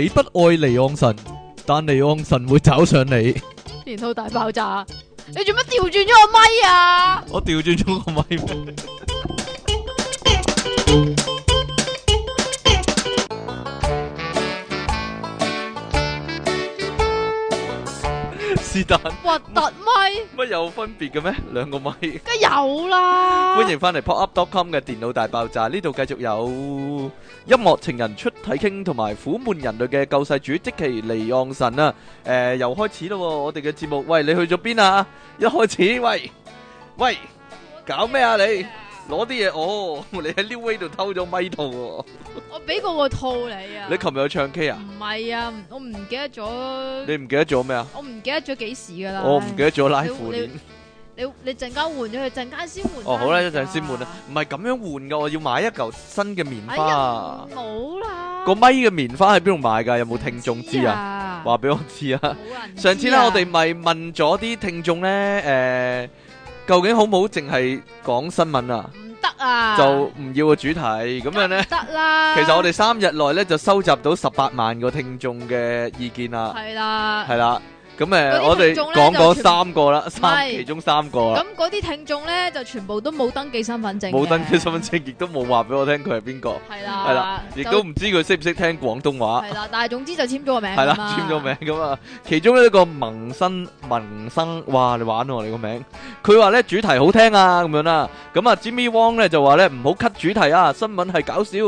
你不愛離岸神，但離岸神會找上你。電腦大爆炸！你做乜調轉咗個咪啊？我調轉咗個咪。是但，核突咪？乜有分別嘅咩？兩個咪？梗有啦！歡迎翻嚟 popup.com 嘅電腦大爆炸，呢度繼續有音樂情人出體 king，同埋苦悶人類嘅救世主積淇離岸神啊！誒，又開始咯！我哋嘅節目，喂你去咗邊啊？一開始，喂喂，搞咩啊你？攞啲嘢哦！你喺 New Way 度偷咗咪套喎。我俾過個套你啊。你琴日有唱 K 啊？唔係啊，我唔記得咗。你唔記得咗咩啊？我唔記得咗幾時噶啦。我唔記得咗拉褲鏈。你你，陣間換咗佢，陣間先換。哦，好啦，一陣先換啦。唔係咁樣換噶，我要買一嚿新嘅棉花。冇啦。個咪嘅棉花喺邊度買㗎？有冇聽眾知啊？話俾我知啊！上次咧，我哋咪問咗啲聽眾咧，誒。究竟好唔好淨係講新聞啊？唔得啊！就唔要個主題咁行樣呢，得啦。其實我哋三日內呢，就收集到十八萬個聽眾嘅意見啦。係啦。係啦。咁誒，我哋講講三個啦，三其中三個啦。咁嗰啲聽眾咧，就全部都冇登記身份證，冇登記身份證，亦都冇話俾我聽佢係邊個，係啦，係啦，亦都唔知佢識唔識聽廣東話。係啦，但係總之就簽咗個名，係啦，簽咗名噶啊，其中一個萌生萌生，哇！你玩喎你個名。佢話咧主題好聽啊咁樣啦。咁啊 Jimmy Wong 咧就話咧唔好 cut 主題啊，新聞係搞笑，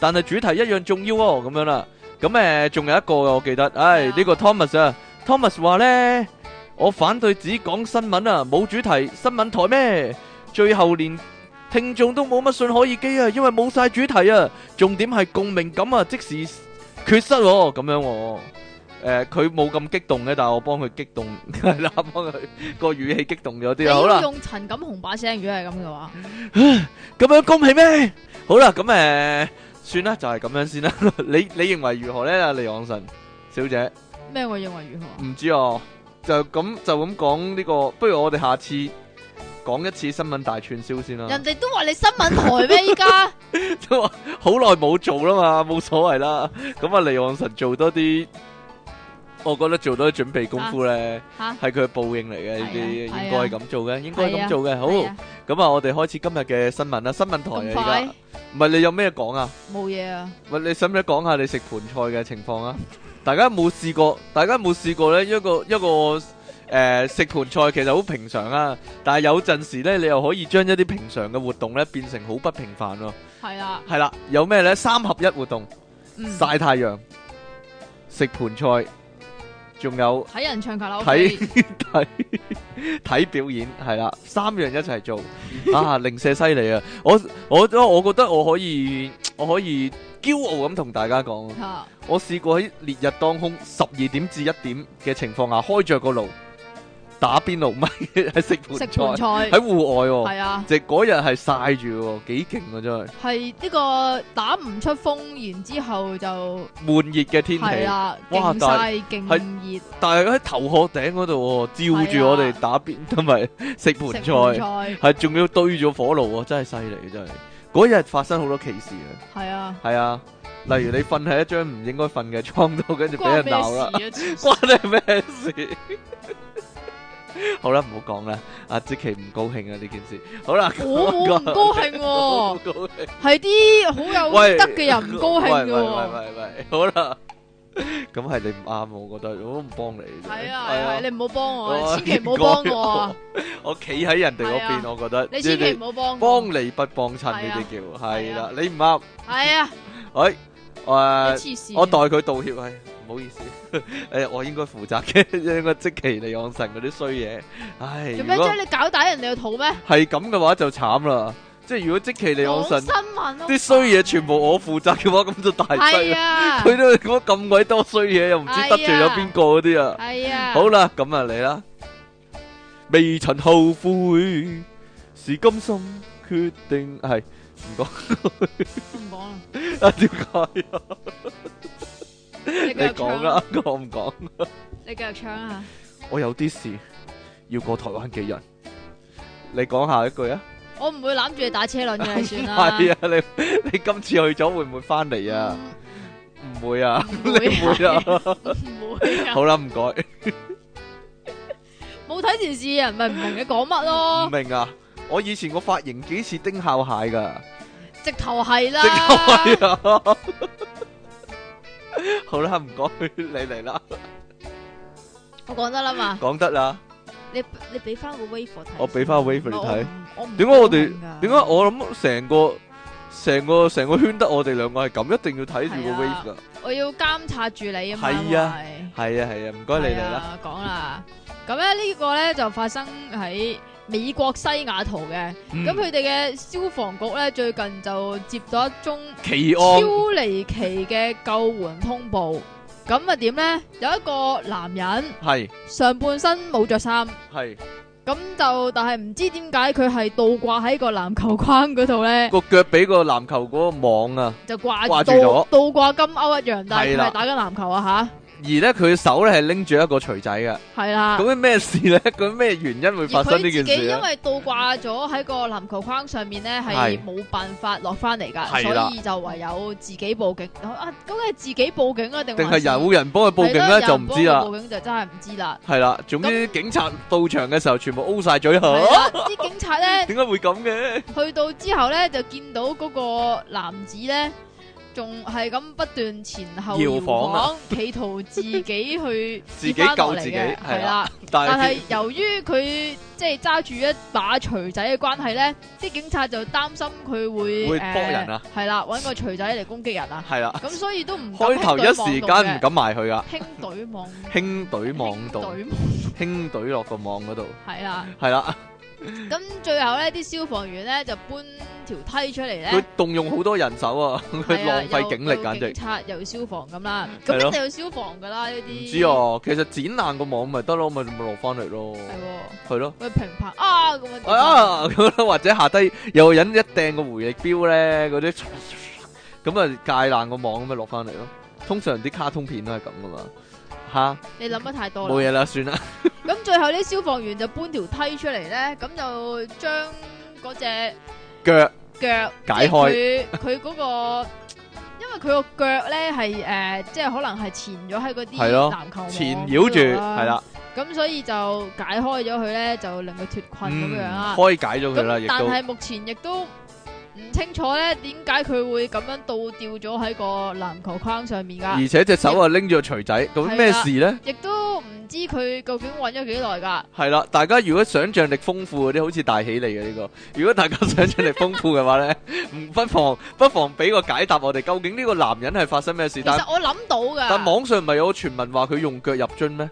但係主題一樣重要哦咁樣啦。咁誒仲有一個我記得，誒呢個 Thomas 啊。Thomas 話咧：我反對只講新聞啊，冇主題，新聞台咩？最後連聽眾都冇乜信可以寄啊，因為冇晒主題啊。重點係共鳴感啊，即時缺失哦，咁樣，誒，佢冇咁激動嘅，但係我幫佢激動，係啦，幫佢個語氣激動咗啲啊。好啦，用陳錦鴻把聲，如果係咁嘅話，咁樣恭喜咩？好啦，咁誒，算啦，就係咁樣先啦。你你認為如何咧，李昂臣小姐？咩？我認為如何？唔知啊，就咁就咁講呢個。不如我哋下次講一次新聞大串燒先啦。人哋都話你新聞台咩？依家即係話好耐冇做啦嘛，冇所謂啦。咁啊，離岸神做多啲，我覺得做多啲準備功夫咧，係佢報應嚟嘅。呢啲應該係咁做嘅，應該咁做嘅。好，咁啊，我哋開始今日嘅新聞啦。新聞台而家唔係，你有咩講啊？冇嘢啊。喂，你使唔使講下你食盆菜嘅情況啊？大家冇試過，大家冇試過呢？一個一個誒、呃、食盆菜其實好平常啊，但係有陣時呢，你又可以將一啲平常嘅活動呢，變成好不平凡咯、啊。係啦了，係啦，有咩呢？三合一活動，嗯、曬太陽，食盆菜。仲有睇人唱卡拉 OK，睇睇表演，係啦，三樣一齊做 啊，零舍犀利啊！我我我我覺得我可以，我可以驕傲咁同大家講， 我試過喺烈日當空十二點至一點嘅情況下開着個爐。打邊爐咪係食盆菜喺戶外喎。係啊，即係嗰日係曬住，幾勁啊真係！係呢個打唔出風，然之後就悶熱嘅天氣啦，哇，但係係熱，但係喺頭殼頂嗰度照住我哋打邊同埋食盆菜，係仲要堆咗火爐啊，真係犀利啊，真係嗰日發生好多歧視啊，係啊，係啊，例如你瞓喺一張唔應該瞓嘅窗度，跟住俾人鬧啦，關你咩事？好啦，唔好講啦，阿積淇唔高興啊呢件事，好啦，我冇唔高興，係啲好有德嘅人唔高興嘅，好啦，咁係你唔啱，我覺得我都唔幫你，係啊，係啊，你唔好幫我，千祈唔好幫我，我企喺人哋嗰邊，我覺得你千祈唔好幫，幫你不幫襯你哋叫，係啦，你唔啱，係啊，喂，誒，我代佢道歉係。唔好意思，誒，我應該負責嘅，應該即淇離岸神嗰啲衰嘢。唉，做咩啫？你搞大人哋個肚咩？係咁嘅話就慘啦，即係如果即淇離岸神，新聞啲衰嘢全部我負責嘅話，咁就大勢啦。佢都講咁鬼多衰嘢，又唔知得罪咗邊個嗰啲啊？係啊。好啦，咁啊嚟啦，未曾後悔，是今生決定，係唔講。唔講啊？點解啊？你講啦，我唔講。你繼續唱啊！我有啲事要過台灣幾日。你講下一句啊！我唔會攬住你打車輪嘅，算啦。係啊，你你今次去咗會唔會翻嚟啊？唔會啊！你唔會啊！唔會。好啦，唔該。冇睇電視嘅人咪唔明你講乜咯？唔明啊！我以前個髮型幾似丁孝蟹噶，直頭係啦。直頭係啊！好啦，唔該，你嚟啦。我講得啦嘛，講得啦。你你俾翻個 wave 我睇，我俾翻個 wave 你睇。我唔點解我哋點解我諗成個成個成個圈得我哋兩個係咁，一定要睇住個 wave 噶。我要監察住你啊嘛。係啊，係啊，係啊，唔該，你嚟啦。講啦，咁咧呢個咧就發生喺。美國西雅圖嘅，咁佢哋嘅消防局咧，最近就接咗一宗奇案，超離奇嘅救援通報。咁啊點咧？有一個男人係上半身冇着衫，係咁就，但係唔知點解佢係倒掛喺個籃球框嗰度咧？個腳俾個籃球嗰個網啊，就掛住咗，倒掛金鈎一樣，但係打緊籃球啊吓！而咧佢手咧係拎住一個錘仔嘅，係啦。咁咩事咧？咁咩原因會發生呢件事啊？而佢自己因為倒掛咗喺個籃球框上面咧，係冇辦法落翻嚟噶，所以就唯有自己報警。啊，咁係自己報警啊？定定係有人幫佢報警咧？就唔知啦。幫佢報警就真係唔知啦。係啦，總之，警察到場嘅時候，全部 O 晒嘴核。啲警察咧，點解會咁嘅？去到之後咧，就見到嗰個男子咧。仲係咁不斷前後搖晃，企圖自己去自己救自己，係啦。但係由於佢即係揸住一把錘仔嘅關係咧，啲警察就擔心佢會幫人啊，係啦，揾個錘仔嚟攻擊人啊，係啦。咁所以都唔開頭一時間唔敢埋去啊，傾隊網傾隊網度傾隊落個網嗰度，係啦，係啦。咁最後咧，啲消防員咧就搬條梯出嚟咧。佢動用好多人手啊，佢浪費警力簡直。警察又要消防咁啦，咁一定要消防噶啦呢啲。唔知啊，其實剪爛個網咪得咯，咪咪落翻嚟咯。係係咯。喂，評判啊，咁啊。啊，咁樣或者下低又有人一掟個回力鏢咧，嗰啲咁啊戒爛個網咁咪落翻嚟咯。通常啲卡通片都係咁噶嘛。吓？你諗得太多冇嘢啦，算啦。咁最後啲消防員就搬條梯出嚟咧，咁就將嗰隻腳腳解開佢佢嗰個， 因為佢個腳咧係誒，即係可能係纏咗喺嗰啲籃球纏繞住，係啦，咁吧的所以就解開咗佢咧，就令佢脫困咁、嗯、樣啊，開解咗佢啦，亦都但係目前亦都。唔清楚咧，點解佢會咁樣倒吊咗喺個籃球框上面噶、啊？而且隻手啊拎住個錘仔，咁咩事咧？亦都唔知佢究竟搵咗幾耐噶？係啦，大家如果想象力豐富啲，好似大喜嚟嘅呢個。如果大家想象力豐富嘅話咧，唔 不妨不妨俾個解答，我哋究竟呢個男人係發生咩事？其實我諗到嘅。但網上唔係有傳聞話佢用腳入樽咩？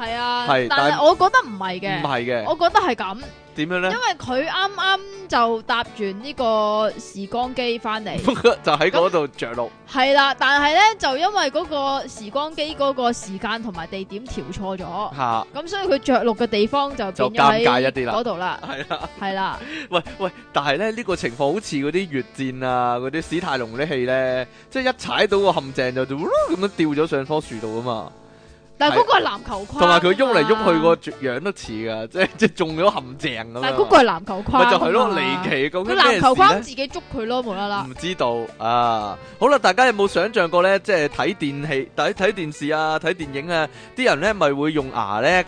係啊，但係我覺得唔係嘅，唔係嘅，我覺得係咁。點樣咧？因為佢啱啱就搭完呢個時光機翻嚟，就喺嗰度着陸。係啦，但係咧就因為嗰個時光機嗰個時間同埋地點調錯咗，咁所以佢着陸嘅地方就比較尷尬一啲啦，變咗喺嗰度啦。係啦，係啦。喂喂，但係咧呢個情況好似嗰啲越戰啊，嗰啲史泰龍啲戲咧，即係一踩到個陷阱，就咁樣掉咗上棵樹度啊嘛。但係嗰個係籃球框，同埋佢喐嚟喐去個樣都似噶，即係即係中咗陷阱咁。但係，嗰個係籃球框，咪就係咯離奇咁。佢籃球框自己捉佢咯，無啦啦。唔知道啊！好啦，大家有冇想象過咧？即係睇電器、睇睇電視啊、睇電影啊，啲人咧咪會用牙咧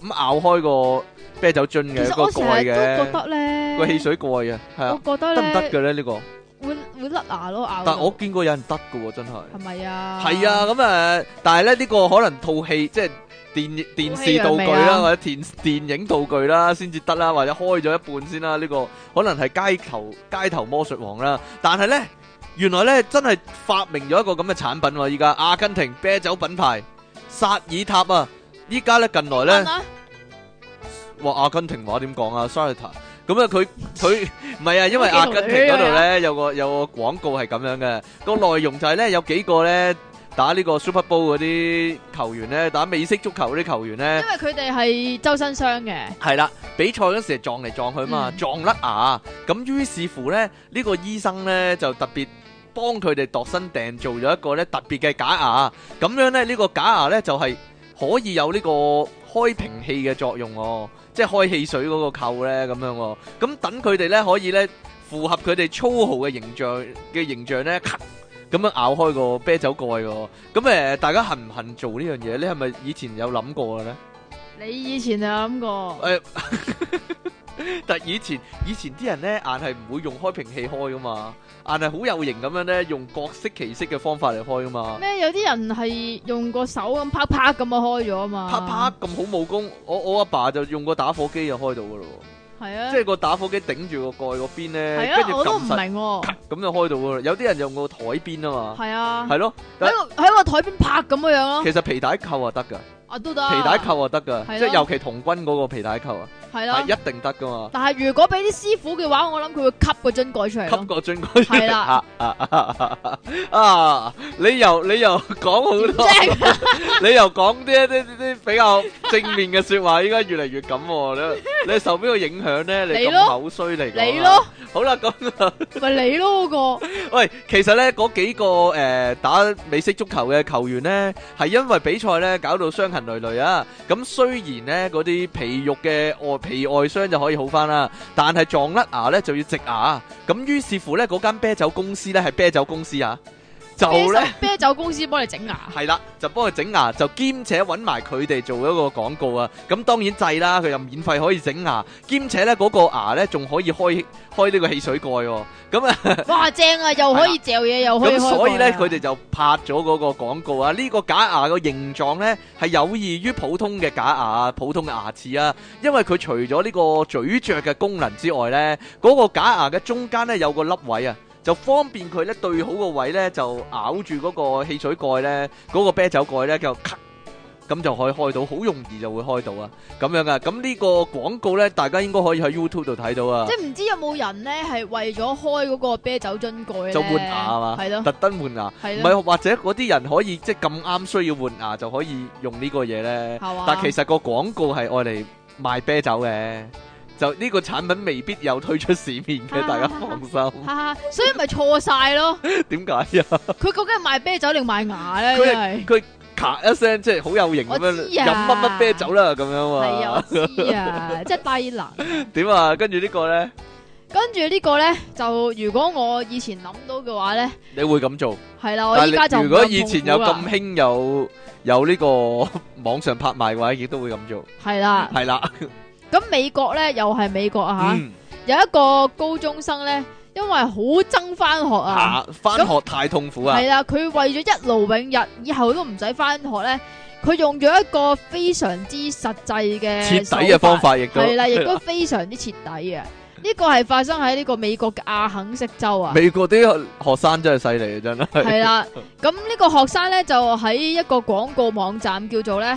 咁咬開個啤酒樽嘅個蓋嘅個汽水蓋啊，係啊，得唔得嘅咧呢個？會會甩牙咯牙，但係我見過有人得㗎喎，真係係咪啊？係啊，咁啊，但係咧呢個可能套戲即係電電視道具啦，或者電電影道具啦，先至得啦，或者開咗一半先啦。呢個可能係街頭街頭魔術王啦，但係咧原來咧真係發明咗一個咁嘅產品喎，依家阿根廷啤酒品牌薩爾塔啊，依家咧近來咧，話阿根廷話點講啊，Salta。咁啊，佢佢唔係啊，因為阿根廷嗰度咧有個有個廣告係咁樣嘅，個內容就係咧有幾個咧打呢個 Super Bowl 嗰啲球員咧打美式足球嗰啲球員咧，因為佢哋係周身傷嘅，係啦，比賽嗰時係撞嚟撞去啊嘛，撞甩牙，咁於、嗯、是乎咧呢、這個醫生咧就特別幫佢哋度身訂做咗一個咧特別嘅假牙，咁樣咧呢、這個假牙咧就係、是、可以有呢個開瓶器嘅作用哦。即係開汽水嗰個扣咧，咁樣喎、哦，咁等佢哋咧可以咧符合佢哋粗豪嘅形象嘅形象咧，咔咁樣咬開個啤酒蓋喎、哦。咁誒、呃，大家恨唔恨做呢樣嘢？你係咪以前有諗過嘅咧？你以前有諗過？誒、呃。 但以前以前啲人咧，硬係唔會用開瓶器開噶嘛，硬係好有型咁樣咧，用各式其式嘅方法嚟開噶嘛。咩？有啲人係用個手咁啪啪咁啊，開咗啊嘛。啪啪咁好武功，我我阿爸就用個打火機就開到噶啦。係啊，即係個打火機頂住個蓋嗰邊咧，跟住都撳實。咁就開到噶啦。有啲人用個台邊啊嘛。係啊。係咯，喺喺個台邊拍咁樣樣咯。其實皮帶扣啊得噶，都得。皮帶扣啊得噶，即係尤其童軍嗰個皮帶扣啊。係啦，一定得噶嘛！但係如果俾啲師傅嘅話，我諗佢會吸個樽蓋出嚟。吸個樽蓋出嚟，係啦，啊，你又你又講好多，你又講啲一啲啲比較正面嘅說話，依家越嚟越咁，你你受邊個影響咧？你咁口衰嚟嘅。你咯。好啦，咁咪你咯嗰個。喂，其實咧嗰幾個誒打美式足球嘅球員咧，係因為比賽咧搞到傷痕累累啊！咁雖然咧嗰啲皮肉嘅外皮外傷就可以好返啦，但係撞甩牙呢就要植牙，咁於是乎呢，嗰間啤酒公司呢係啤酒公司啊。就咧，啤酒公司幫你整牙，係啦，就幫佢整牙，就兼且揾埋佢哋做一個廣告啊！咁當然制啦，佢又免費可以整牙，兼且咧嗰個牙咧仲可以開開呢個汽水蓋，咁啊，哇正啊，又可以嚼嘢，又可以開。咁所以咧，佢哋就拍咗嗰個廣告啊！呢個假牙個形狀咧係有異於普通嘅假牙，普通嘅牙齒啊，因為佢除咗呢個咀嚼嘅功能之外咧，嗰個假牙嘅中間咧有個凹位啊。就方便佢咧對好個位咧，就咬住嗰個汽水蓋咧，嗰個啤酒蓋咧，就咔，咁就可以開到，好容易就會開到啊！咁樣啊，咁呢個廣告咧，大家應該可以喺 YouTube 度睇到啊。即係唔知有冇人咧係為咗開嗰個啤酒樽蓋咧，就換牙啊嘛，係咯，特登換牙，唔係或者嗰啲人可以即係咁啱需要換牙就可以用呢個嘢咧，但係其實個廣告係愛嚟賣啤酒嘅。就呢個產品未必有推出市面嘅，大家放心。吓，所以咪錯晒咯？點解呀？佢究竟係賣啤酒定賣牙咧？佢佢咔一聲，即係好有型。我知啊，飲乜乜啤酒啦，咁樣啊。係啊，即係低能。點啊？跟住呢個咧？跟住呢個咧？就如果我以前諗到嘅話咧，你會咁做？係啦，我依家就如果以前有咁興有有呢個網上拍賣嘅話，亦都會咁做。係啦，係啦。咁美國咧又係美國啊吓，嗯、有一個高中生咧，因為好憎翻學啊，翻、啊、學太痛苦啊，係啦，佢、啊、為咗一勞永逸，以後都唔使翻學咧，佢用咗一個非常之實際嘅徹底嘅方法都，亦係啦，亦都非常之徹底啊！呢個係發生喺呢個美國嘅阿肯色州啊，美國啲學生真係犀利啊，真係，係啦，咁呢個學生咧就喺一個廣告網站叫做咧。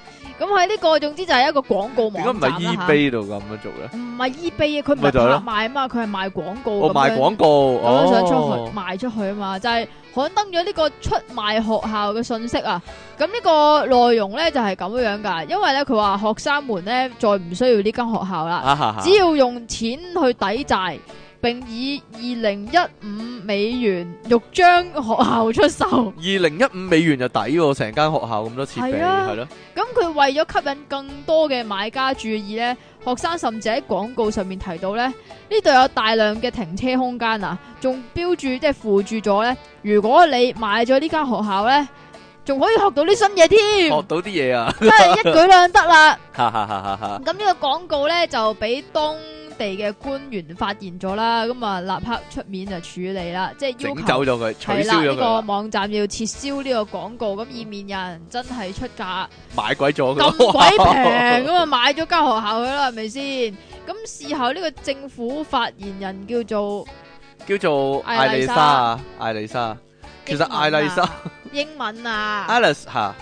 咁喺呢個，總之就係一個廣告網，如果唔係 eBay 度咁樣做嘅，唔係 eBay 啊，佢唔係拍賣啊嘛，佢係賣、哦、賣廣告。哦，賣廣告，我想出去賣出去啊嘛，就係、是、刊登咗呢個出賣學校嘅信息啊。咁、嗯、呢、呢個內容咧就係、是、咁樣樣㗎，因為咧佢話學生們咧再唔需要呢間學校啦，啊、哈哈只要用錢去抵債。並以二零一五美元欲將學校出售。二零一五美元就抵成間學校咁多設備，係咯、啊。咁佢了為咗吸引更多嘅買家注意呢，學生甚至喺廣告上面提到呢，呢度有大量嘅停車空間啊，仲標注即係附住咗呢。如果你買咗呢間學校呢，仲可以學到啲新嘢添，學到啲嘢啊，真 係一舉兩得啦。咁呢 個廣告呢，就俾東地嘅官員發現咗啦，咁啊立刻出面就處理啦，即係整走咗佢，取消呢、呢個網站要撤銷呢個廣告，咁以免人真係出價買鬼咗，咁鬼平，咁啊哇買咗間學校佢啦，係咪先？咁事後呢、呢個政府發言人叫做叫做艾麗莎，啊，艾麗莎，其實艾麗莎英文啊，Alice 嚇。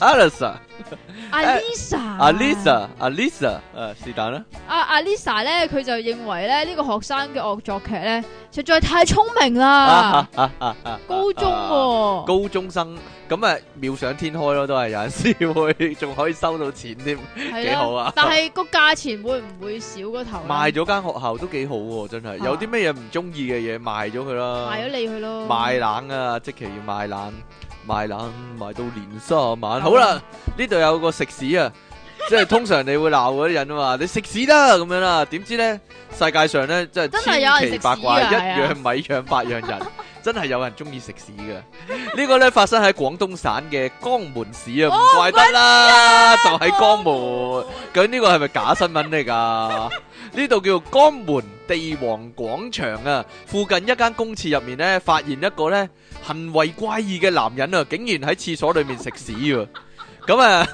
Alisa，Alisa，Alisa，Alisa，誒，是但啦。阿阿 Lisa 咧，佢就認為咧呢個學生嘅惡作劇咧，實在太聰明啦。啊啊啊！高中，高中生咁啊，妙想天開咯，都係有陣時會仲可以收到錢添，幾好啊！但係個價錢會唔會少個頭？賣咗間學校都幾好喎，真係。有啲咩嘢唔中意嘅嘢賣咗佢咯，賣咗你去咯，賣懶啊！即期要賣懶。賣冷賣到年三十晚，好啦，呢度有個食肆啊。即係通常你會鬧嗰啲人啊嘛，你食屎啦咁樣啦，啊，點知呢？世界上呢，真係千奇百怪，啊、一樣米養百樣，樣人， 真係有人中意食屎噶。呢、這個呢，發生喺廣東省嘅江門市啊，唔怪得啦，哦、得就喺江門。究竟呢、哦、個係咪假新聞嚟噶？呢度 叫江門地王廣場啊，附近一間公廁入面呢，發現一個呢，行為怪異嘅男人啊，竟然喺廁所裏面食屎。 咁啊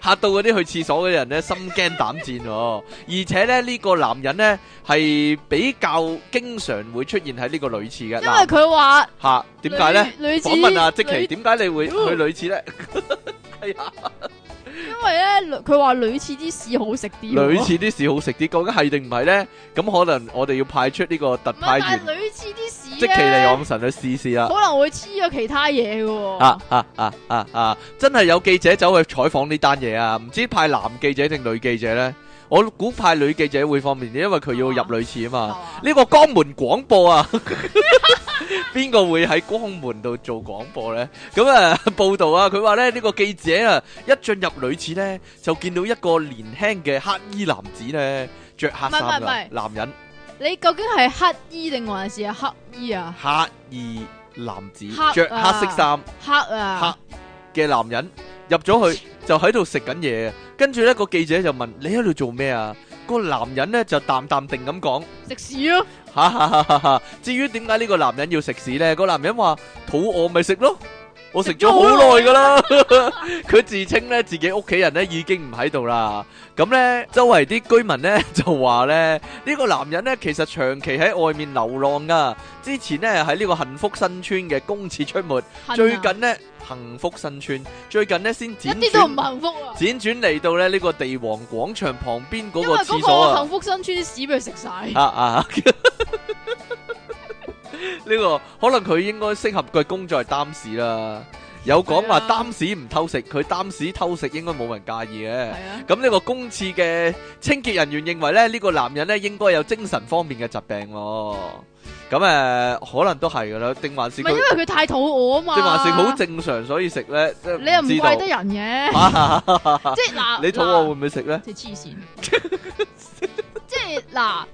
吓到嗰啲去廁所嘅人咧心驚膽戰哦！而且咧呢個男人咧係比較經常會出現喺呢個女廁嘅，因為佢話吓點解咧？訪問阿積淇點解你會去女廁咧？係啊。因為咧，佢話女廁啲屎好食啲，女廁啲屎好食啲， 究竟係定唔係咧？咁可能我哋要派出呢個特派員，女廁啲屎，積淇離岸神去試試啊，可能會黐咗其他嘢嘅，啊。啊啊啊啊啊！真係有記者走去採訪呢單嘢啊，唔知派男記者定女記者咧？我估派女記者會方便啲，因為佢要入女廁啊嘛。呢、啊、個江門廣播啊！ 邊個會喺光門度做廣播咧？咁啊，報道啊，佢話咧，呢個記者啊一進入女廁咧就見到一個年輕嘅黑衣男子咧，着黑衫，男人。你究竟係黑衣定還是黑衣啊？黑衣男子着黑色衫，黑啊，黑嘅男人入咗去就喺度食緊嘢，跟住呢個記者就問：你喺度做咩啊？個男人咧就淡淡定咁講，食屎咯、啊，哈！哈，至於點解呢個男人要食屎呢？個男人話肚餓咪食咯。我食咗好耐噶啦，佢自稱咧自己屋企人咧已經唔喺度啦，咁咧周圍啲居民咧就話咧呢、呢個男人咧其實長期喺外面流浪噶、啊，之前咧喺呢個幸福新村嘅公廁出沒，啊、最近咧幸福新村最近咧先一啲都唔幸福啊，輾轉嚟到咧呢個地王廣場旁邊嗰個廁所啊。因為嗰個幸福新村啲屎俾佢食晒。啊啊！呢個可能佢應該適合個工作係擔屎啦，有講話擔屎唔偷食，佢擔屎偷食應該冇人介意嘅。咁呢個公廁嘅清潔人員認為咧，呢個男人咧應該有精神方面嘅疾病。咁誒，可能都係噶啦，定還係因為佢太肚餓啊嘛，定還係好正常，所以食咧。你又唔怪得人嘅，即係嗱，你肚餓會唔會食咧？即係黐線！即係嗱，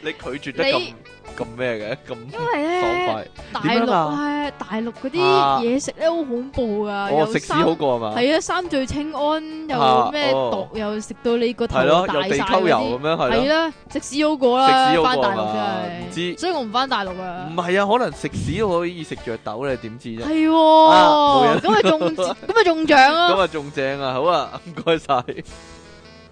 你拒絕得咁。咁咩嘅咁爽快？點樣啊？大陸嗰啲嘢食咧好恐怖噶，食屎好過係嘛？係啊，三聚氰胺又咩毒，又食到你個頭，又地溝油咁樣係啦，食屎好過啦，翻大陸真係，所以我唔翻大陸啊。唔係啊，可能食屎都可以食著豆咧，點知啫？係喎，咁咪中咁咪中獎啊？咁啊仲正啊，好啊，唔該晒！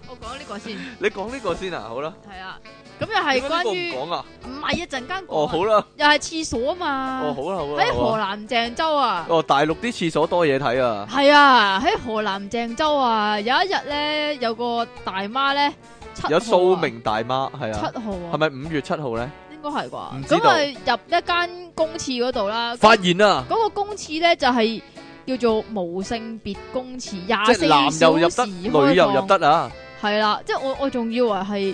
我講呢個先。你講呢個先啊，好啦。係啊。咁又係關於講啊？唔係一陣間講。哦好啦，又係廁所啊嘛。哦好啦好啦，喺河南鄭州啊。哦大陸啲廁所多嘢睇啊。係啊，喺河南鄭州啊，有一日咧有個大媽咧，啊、有數名大媽，係啊，七號啊，係咪五月七號咧？應該係啩。唔知道。咁啊入一間公廁嗰度啦，發現啊，嗰、嗰個公廁咧就係叫做無性別公廁，廿四小時男又入得，女又入得啊。係啦、啊，即係我我仲以為係。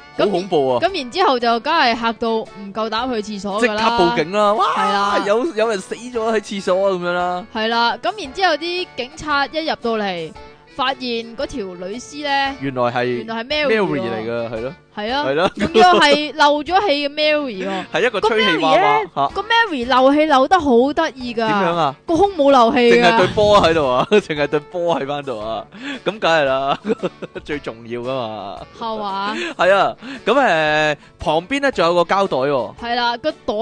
好那恐怖啊！咁然之後就梗係嚇到唔夠膽去廁所，即刻報警啦！哇，啦有有人死咗喺廁所啊！咁樣啦！係啦，咁然之後啲警察一入到嚟，發現嗰條女屍咧，原來係原來係 Mary 嚟噶係咯，係啊，係咯，仲要係漏咗氣嘅 Mary 哦，係一個吹氣娃娃吓，個 Mary 漏氣漏得好得意噶，點樣啊？個胸冇漏氣噶，淨係對波喺度啊，淨係對波喺翻度啊，咁梗係啦，最重要噶嘛，係嘛？係啊，咁誒，旁邊咧仲有個膠袋喎，係啦，個袋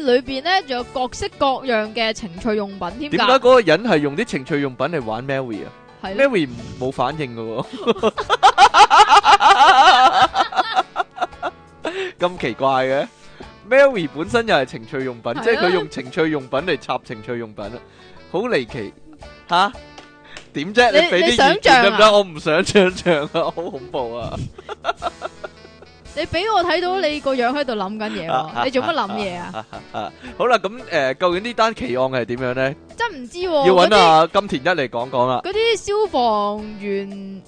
裏邊咧仲有各式各樣嘅情趣用品添，點解嗰個人係用啲情趣用品嚟玩 Mary 啊？Mary 冇反應嘅喎，咁奇怪嘅。 Mary 本身又係情趣用品，即係佢用情趣用品嚟插情趣用品啊，好離奇吓？點、啊、啫？你點你，你想象得唔得？我唔想象啊，好恐怖啊！ 你俾我睇到你個樣喺度諗緊嘢，啊、你做乜諗嘢啊？好啦，咁、嗯、誒，究竟呢單奇案係點樣咧？真唔知、啊，要搵、啊、金田一嚟講講啦。嗰啲消防員。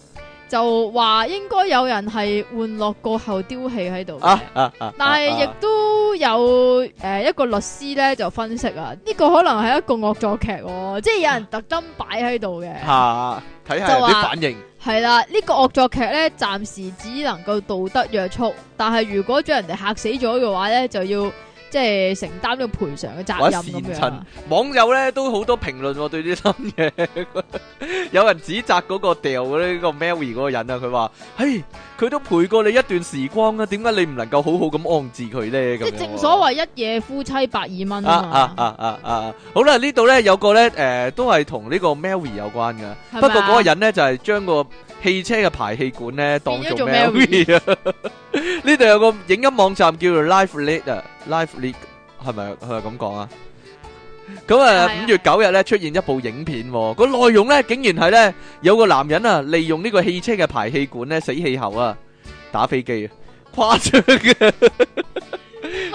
就話應該有人係玩樂過後丟棄喺度，啊啊啊、但係亦都有誒、呃、一個律師呢就分析啊，呢、這個可能係一個惡作劇、哦，即係有人特登擺喺度嘅。吓、啊，睇下啲反應。係啦，呢、這個惡作劇呢，暫時只能夠道德約束，但係如果將人哋吓死咗嘅話呢，就要。即係承擔呢個賠償嘅責任咁樣網友咧都好多評論、啊、對呢啲嘢， 有人指責嗰個掉嗰個 Mary 嗰個人啊，佢話，嘿，佢都陪過你一段時光啊，點解你唔能夠好好咁安置佢咧？即正所謂一夜夫妻百二蚊、啊啊。啊啊啊啊、嗯、好啦，呢度咧有個咧，誒、呃，都係同呢個 Mary 有關嘅，嗎不過嗰個人咧就係、是、將個。汽車嘅排氣管咧，當做咩？呢度有個影音網站叫做 LiveLeak 啊，LiveLeak 係咪係咪咁講啊？咁啊，五月九日咧出現一部影片，個內容咧竟然係咧有個男人啊，利用呢個汽車嘅排氣管咧，死氣喉啊，打飛機啊，誇張嘅。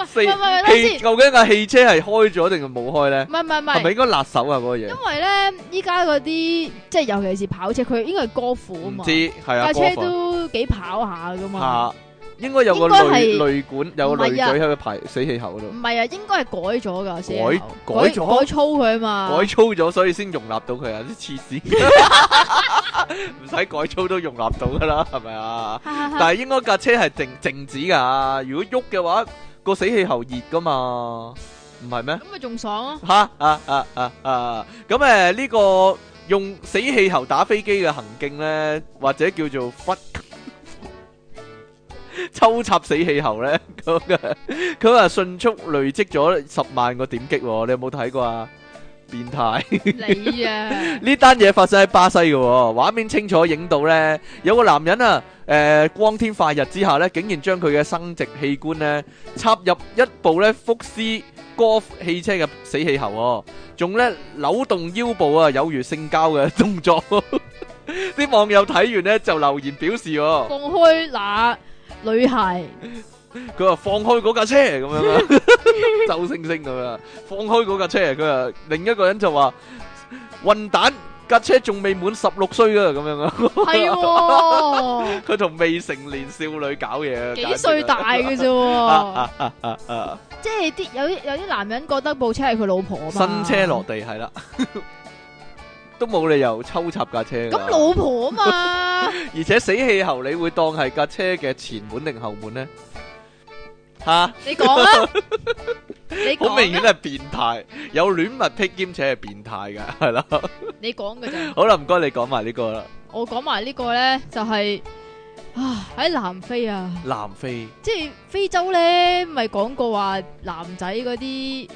係咪？先究竟架汽車係開咗定係冇開咧？唔係唔係唔係，係咪應該辣手啊？嗰個嘢？因為咧，依家嗰啲即係尤其是跑車，佢應該係高負啊嘛。唔知係啊，架車都幾跑下噶嘛。吓，應該有個濾濾管，有個濾嘴喺個排水氣口度。唔係啊，應該係改咗噶，先改改咗改粗佢啊嘛。改粗咗，所以先容納到佢啊！黐線，唔使改粗都容納到噶啦，係咪啊？但係應該架車係靜靜止噶，如果喐嘅話。個死氣喉熱噶嘛，唔係咩？咁咪仲爽咯，啊！吓啊啊，啊啊啊啊！咁誒呢個用死氣喉打飛機嘅行徑咧，或者叫做忽 抽插死氣喉咧，佢佢話迅速累積咗十萬個點擊，你有冇睇過啊？變態， 你啊？呢單嘢發生喺巴西嘅，哦，畫面清楚影到呢。有個男人啊，誒、呃，光天化日之下呢，竟然將佢嘅生殖器官呢插入一部呢福斯 Golf 汽車嘅死氣喉，哦，仲呢扭動腰部啊，有如性交嘅動作，哦。啲 網友睇完呢，就留言表示，哦，放開那女孩。佢話放開嗰架車咁樣啦，周星星咁樣，放開嗰架車。佢話另一個人就話混蛋架車仲未滿十六歲啦，咁樣啊，係。佢同未成年少女搞嘢，幾歲大嘅啫？啊啊啊！即係啲有啲有啲男人覺得部車係佢老婆啊嘛，新車落地係啦，都冇理由抽插架車。咁老婆啊嘛，而且死氣喉你會當係架車嘅前門定後門呢？吓，蛤你講啦， 你好明顯係變態， 有戀物癖兼且係變態嘅，係 啦，你講嘅啫，好啦，唔該你講埋呢個啦，我講埋呢個咧，就係啊喺南非啊，南非，即係非洲咧，咪講過話男仔嗰啲。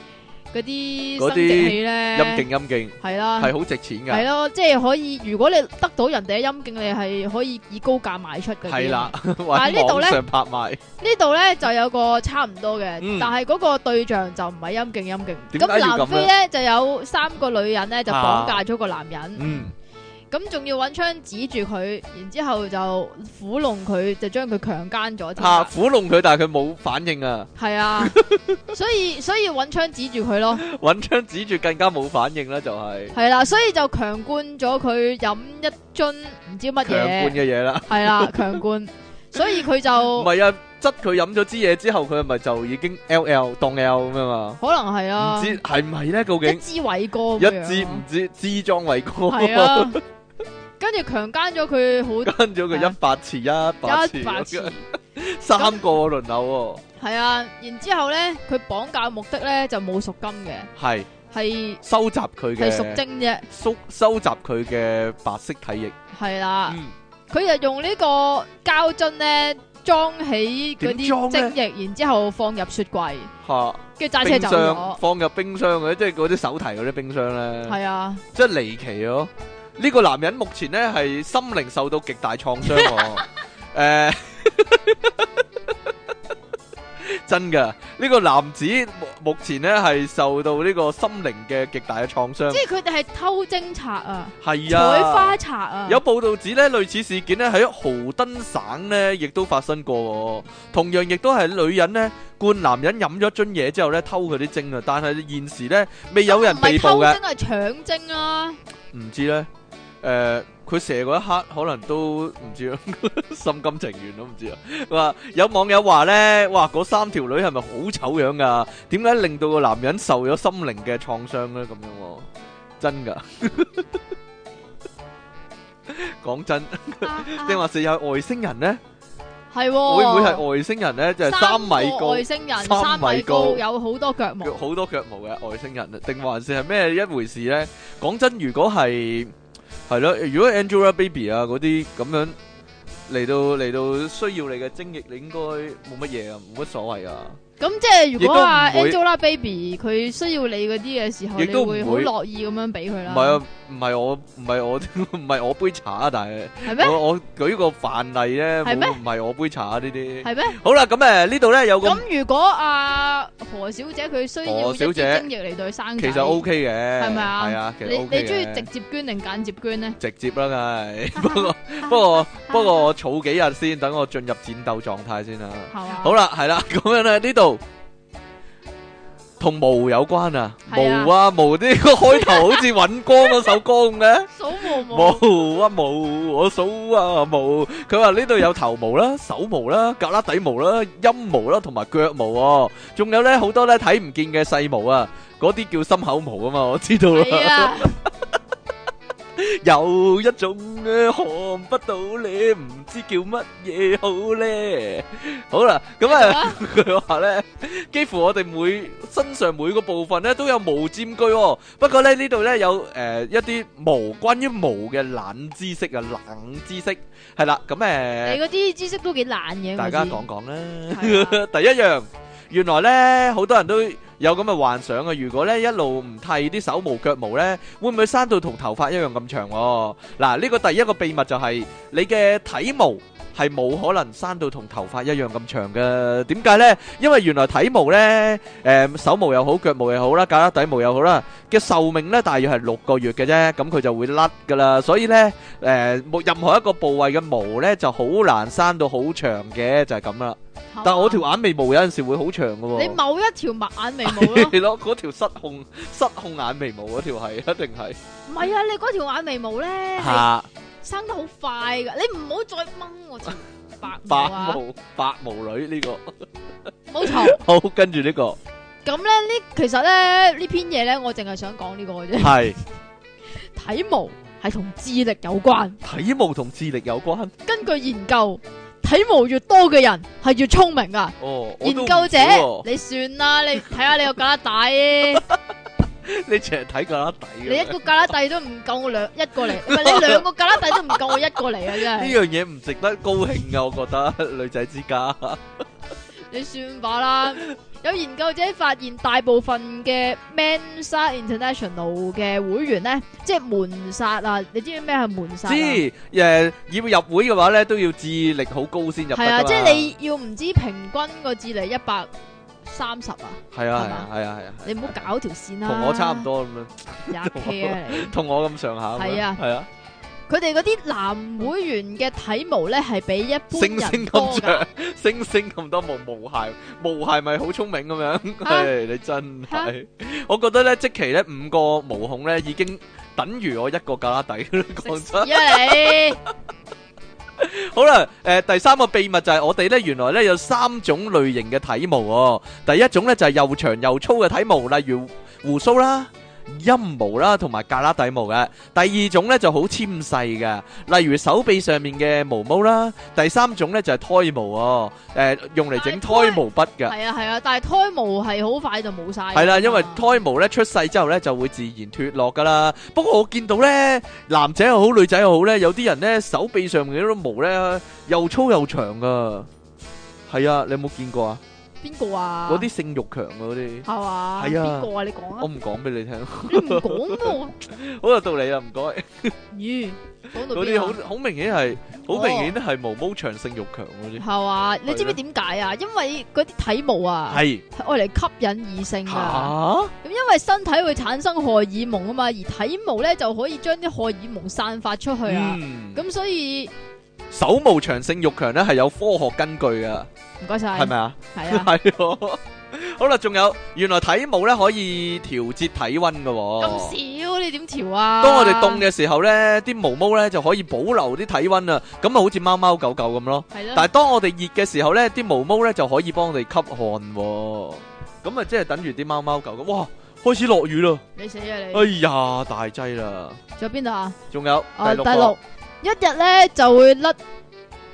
嗰啲，嗰啲陰莖陰莖，係啦，係好、啊、值錢㗎，係咯、啊，即係可以，如果你得到人哋嘅陰莖，你係可以以高價賣出嘅。係啦、啊，喺網上拍賣。呢度咧就有個差唔多嘅，嗯、但係嗰個對象就唔係陰莖陰莖。點解要咁咧？咁南非咧就有三個女人咧就綁架咗個男人。啊、嗯。咁仲要揾槍指住佢，然之後就苦弄佢，就將佢強姦咗。吓、啊，苦弄佢，但係佢冇反應啊。係 啊，所以所以揾槍指住佢咯。揾槍 指住更加冇反應啦、就是，就係。係啦，所以就強灌咗佢飲一樽唔知乜嘢、 啊。強灌嘅嘢啦。係啦，強灌，所以佢就唔係 啊，執佢飲咗支嘢之後，佢咪就已經 L L 當 L 咁樣啊？可能係啊。唔知係唔係咧？究竟一支偉哥， 哥，一支唔知支裝偉哥。跟住強姦咗佢好，跟咗佢一百次，一百次，三個輪流。係啊，然之後咧，佢綁架目的咧就冇贖金嘅，係係收集佢嘅贖精啫，收收集佢嘅白色體液。係啦，佢就用呢個膠樽咧裝起嗰啲精液，然之後放入雪櫃，跟住揸車走放入冰箱嘅，即係嗰啲手提嗰啲冰箱咧。係啊，即係離奇囉！呢個男人目前呢係心靈受到極大創傷，誒、 uh, 真噶，呢個男子目前呢係受到呢個心靈嘅極大嘅創傷。即係佢哋係偷精賊啊？係啊，採花賊，啊。有報道指呢類似事件呢喺豪登省呢亦都發生過，同樣亦都係女人呢，灌男人飲咗樽嘢之後呢，偷佢啲精啊，但係現時呢，未有人被捕嘅。唔係，啊、偷精係搶精啊？唔知呢。誒，佢射嗰一刻可能都唔知心甘 情願都唔知啊。佢話有網友話咧，話嗰三條女係咪好醜樣噶點解令到個男人受咗心靈嘅創傷咧？咁樣真噶講 說真，定話是有外星人咧？係、啊啊、會唔會係外星人呢？就係、是、三米高三外星人，三米高，三米高有好多腳毛，好多腳毛嘅外星人定還是係咩一回事呢？講真，如果係。係咯，如果 Angela Baby 啊，嗰啲咁樣嚟，到嚟到需要你嘅精力，你應該冇乜嘢啊，冇乜所謂啊。咁即係如果阿 Angelababy 佢需要你嗰啲嘅時候，你都會好樂意咁樣俾佢啦。唔係啊，唔係我，唔係我，唔係我杯茶啊！但係我我舉個範例咧，唔係我杯茶啊。呢啲。係咩？好啦，咁誒呢度咧有個。咁如果阿何小姐佢需要一支精液嚟對生其實 O K 嘅。係咪啊？係啊，其實 O K 嘅。你你中意直接捐定間接捐咧？直接啦，但係不過不過我儲幾日先，等我進入戰鬥狀態先啦。好啊。好啦，係啦，咁樣咧呢度。同毛有關啊，毛啊 毛啲開頭好似尹光嗰首歌咁嘅，數毛毛、啊，啊毛，我數啊毛。佢話呢度有頭毛啦、啊、手毛啦、啊、格拉底毛啦、啊、陰毛啦，同埋腳毛啊。仲有咧好多咧睇唔見嘅細毛啊，嗰啲叫心口毛啊嘛、啊，我知道啦。 有一種嘅，啊，行不到你，唔知叫乜嘢好咧。好啦，咁，嗯，麼啊，佢話咧，幾乎我哋每身上每個部分咧都有毛佔據，哦。不過咧呢度咧有誒、呃、一啲毛關於毛嘅冷知識啊，冷知識係啦。咁，嗯、誒、嗯嗯、你嗰啲知識都幾冷嘅。大家講講啦。嗯、 第一樣，原來咧好多人都。有咁嘅幻想啊！如果咧一路唔剃啲手毛腳毛呢，會唔會生到同頭髮一樣咁長？嗱，呢個第一個秘密就係你嘅體毛係冇可能生到同頭髮一樣咁長嘅。點解呢？因為原來體毛呢，誒手毛又好，腳毛又好啦，胳肋底毛又好啦，嘅壽命呢大約係六個月嘅啫，咁佢就會甩噶啦。所以呢，誒，任何一個部位嘅毛呢就好難生到好長嘅，就係咁啦。但係我條眼眉毛有陣時會好長噶。你某一條墨眼眉？係咯，嗰條 失控失控眼眉毛嗰條係，一定係。唔係啊，你嗰條眼眉毛咧，啊、生得好快噶，你唔好再掹我。白白毛、啊、白毛白毛女呢個 吵，冇錯。好，跟住呢個。咁咧呢，其實咧呢篇嘢咧，我淨係想講呢個啫。係。體毛係同智力有關。體毛同智力有關。根據研究。體毛越多嘅人係越聰明啊！哦、研究者，你算啦，你睇下你個胳肋底，你成日睇胳肋底，你一個胳肋底都唔夠我兩一個嚟，唔係 你兩個胳肋底都唔夠我一個嚟啊！真呢 樣嘢唔值得高興啊！我覺得女仔之家。 你算罷啦！有研究者發現，大部分嘅 Mensa International 嘅會員咧，即係門殺啊！你知唔知咩係門殺？知誒，要入會嘅話咧，都要智力好高先入得。係啊，即係你要唔知平均個智力一百三十啊？係啊係啊係啊係啊！你唔好搞條線啦。同我差唔多咁樣。同我咁上下。係啊係啊。佢哋嗰啲男會員嘅體毛咧，係比一般人多嘅，星星咁長，星星咁多毛毛鞋，毛鞋咪好聰明咁樣。唉，你真係，我覺得咧，即期咧五個毛孔咧，已經等於我一個架底啦。講真，好啦，誒，第三個秘密就係我哋咧，原來咧有三種類型嘅體毛喎。第一種咧就係又長又粗嘅體毛，例如鬍鬚啦。陰毛啦，同埋格拉底毛嘅。第二種呢就好纖細嘅，例如手臂上面嘅毛毛啦。第三種呢就係胎毛啊，誒，用嚟整胎毛筆嘅。係啊係啊，但係胎毛係好快就冇晒。係啦、啊，因為胎毛呢出世之後呢就會自然脫落噶啦。不過我見到呢，男仔又好，女仔又好呢，有啲人呢手臂上面嗰啲毛呢又粗又長噶。係啊，你有冇見過啊？邊個啊？嗰啲性欲強嘅嗰啲係啊？係啊吧。邊個啊？你講啊。我唔講俾你聽。你唔講喎。好有道理啊！唔該。咦？嗰啲好好明顯係，好明顯係毛毛長性強、性欲強嘅嗰啲。係啊吧！你知唔知點解啊？是因為嗰啲體毛啊，係愛嚟吸引異性啊。咁因為身體會產生荷爾蒙啊嘛，而體毛咧就可以將啲荷爾蒙散發出去啊。咁、嗯、所以。手毛長性慾強咧係有科學根據噶，唔該晒，係咪啊？係啊，係咯。好啦，仲有原來體毛咧可以調節體溫噶，咁少你點調啊？當我哋凍嘅時候咧，啲毛毛咧就可以保留啲體溫啊，咁啊好似貓貓狗狗咁咯。係咯。但係當我哋熱嘅時候咧，啲毛毛咧就可以幫我哋吸汗，咁啊即係等住啲貓貓狗。哇，開始落雨咯！你死啊你！哎呀，大劑啦！仲有邊度啊？仲有第六。一日咧就會甩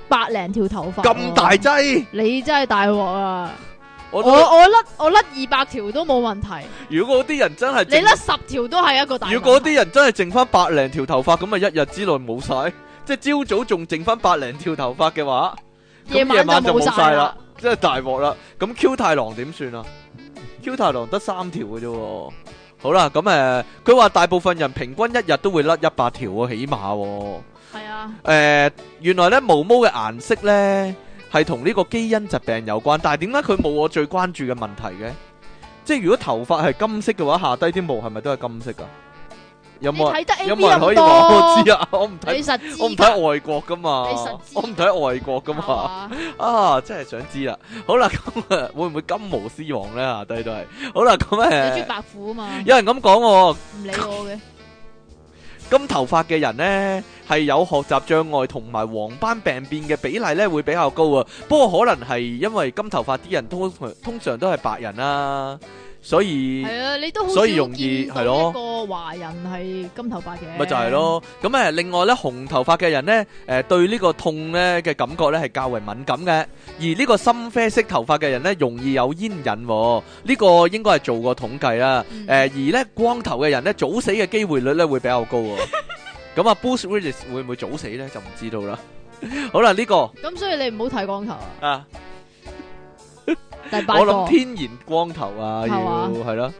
百零條頭髮，咁大劑，你真係大鑊啊！我我甩我甩二百條都冇問題。如果嗰啲人真係你甩十條都係一個大。如果嗰啲人真係剩翻百零條頭髮，咁啊一日之內冇晒， 即係朝早仲剩翻百零條頭髮嘅話，夜晚,夜晚就冇晒啦，真係大鑊啦！咁 Q 太郎點算啊？Q 太郎得三條嘅啫，好啦，咁誒，佢、呃、話大部分人平均一日都會甩一百條啊，起碼。係啊，誒，原來咧毛毛嘅顏色咧係同呢個基因疾病有關，但係點解佢冇我最關注嘅問題嘅？即係如果頭髮係金色嘅話，下低啲毛係咪都係金色噶？有冇人有冇人可以話我知啊？我唔睇，我唔睇外國噶嘛，我唔睇外國噶嘛。啊，真係想知啊。好啦，咁啊，會唔會金毛獅王咧下低都係？好啦，咁啊，白虎啊嘛，有人咁講喎，唔理我嘅。金頭髮嘅人呢，係有學習障礙同埋黃斑病變嘅比例咧，會比較高啊！不過可能係因為金頭髮啲人通通常都係白人啦，啊。所以係啊，你都所以容易係咯，一個華人係金頭髮嘅。咪就係咯，咁誒，另外咧，紅頭髮嘅人咧，誒，對呢個痛咧嘅感覺咧係較為敏感嘅。而呢個深啡色頭髮嘅人咧，容易有煙癮，呢個應該係做過統計啦。誒，而咧光頭嘅人咧，早死嘅機會率咧會比較高。咁啊，Bruce Willis 會唔會早死咧？就唔知道啦。好啦，呢個咁所以你唔好剃光頭啊。我諗天然光頭啊，要係咯，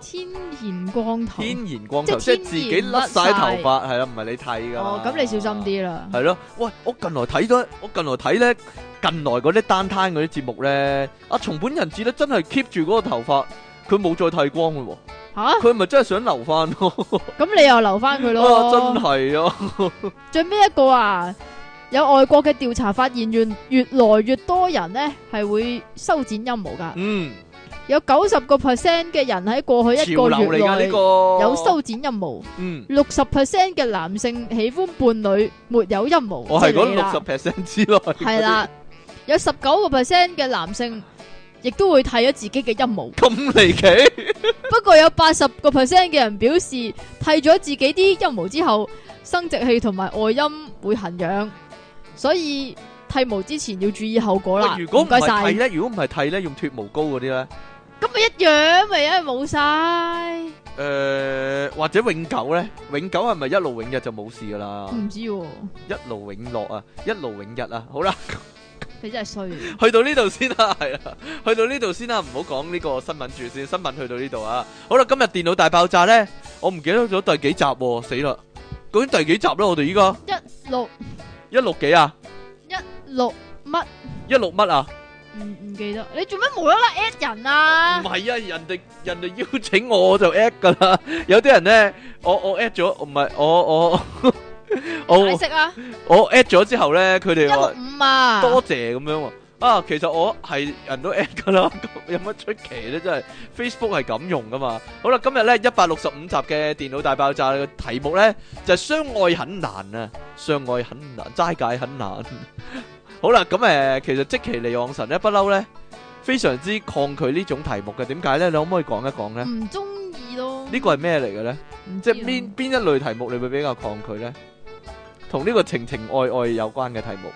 天然光頭，天然光頭，即係自己甩晒頭髮，係啦，唔係你剃噶。哦，咁你小心啲啦。係咯，喂，我近來睇咗，我近來睇咧，近來嗰啲單攤嗰啲節目咧，阿松本人字咧真係 keep 住嗰個頭髮，佢冇再剃光噶喎。吓，佢咪真係想留翻咯？咁你又留翻佢咯？真係啊！最尾一個啊！有外國嘅調查發現，越越來越多人呢係會修剪陰毛噶嗯，有九十個 percent 嘅人喺過去一個月內有修剪陰毛。嗯，六十 percent 嘅男性喜歡伴侶沒有陰毛。我係講六十 percent 之外。係啦，有十九個 percent 嘅男性亦都會剃咗自己嘅陰毛。咁離奇？ 不過有八十個 percent 嘅人表示剃咗自己啲陰毛之後，生殖器同埋外陰會痕癢。所以剃毛之前要注意後果啦。如果唔係剃咧，如果唔係剃咧，用脫毛膏嗰啲咧，咁咪一樣咪因為冇晒。誒，或者永久咧，永久係咪一路永日就冇事噶啦？唔知。一路永樂啊，一路永日啊，好啦。你真係衰。去到呢度先啦，係啊，去到呢度先啦，唔好講呢個新聞住先，新聞去到呢度啊。好啦，今日電腦大爆炸咧，我唔記得咗第幾集，死啦！究竟第幾集啦，我哋依家一六。一六幾啊？一六乜？一六乜啊？唔唔、嗯、記得。你做咩冇啦啦 at 人啊？唔係、哦、啊，人哋人哋邀請我我就 at 噶啦。有啲人咧，我我 at 咗，唔係我我我，你識 啊？我 at 咗之後咧，佢哋話一六五啊，多謝咁樣。啊，其實我係人都 add 噶啦，有乜出奇咧？真係 Facebook 係咁用噶嘛？好啦，今日咧一百六十五集嘅電腦大爆炸嘅題目咧，就係相愛很難啊，相愛很難，齋戒很難。好啦，咁誒，其實積淇離岸神咧，不嬲咧，非常之抗拒呢種題目嘅。點解咧？你可唔可以講一講咧？唔中意咯。呢個係咩嚟嘅咧？即邊邊一類題目你會比較抗拒咧？同呢個情情愛愛有關嘅題目。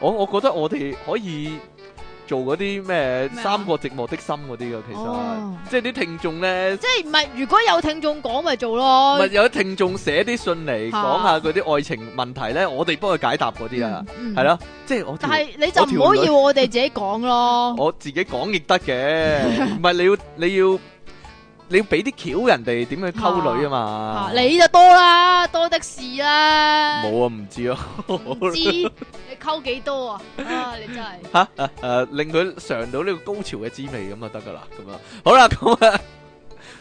我我覺得我哋可以做嗰啲咩三個寂寞的心嗰啲㗎。其實、oh. 即係啲聽眾咧，即係唔係如果有聽眾講咪做咯，唔係有聽眾寫啲信嚟講下嗰啲愛情問題咧，我哋幫佢解答嗰啲啊，係咯，即係我但係你就唔好要我哋自己講咯，我自己講亦得嘅，唔係你要你要。你要你要俾啲橋人哋點去溝女嘛，啊嘛、啊，你就多啦，多的是啦。冇啊，唔知咯。知 你溝幾多啊？啊，你真係吓誒，令佢嘗到呢個高潮嘅滋味，咁就得噶啦。咁樣好啦、啊，咁啊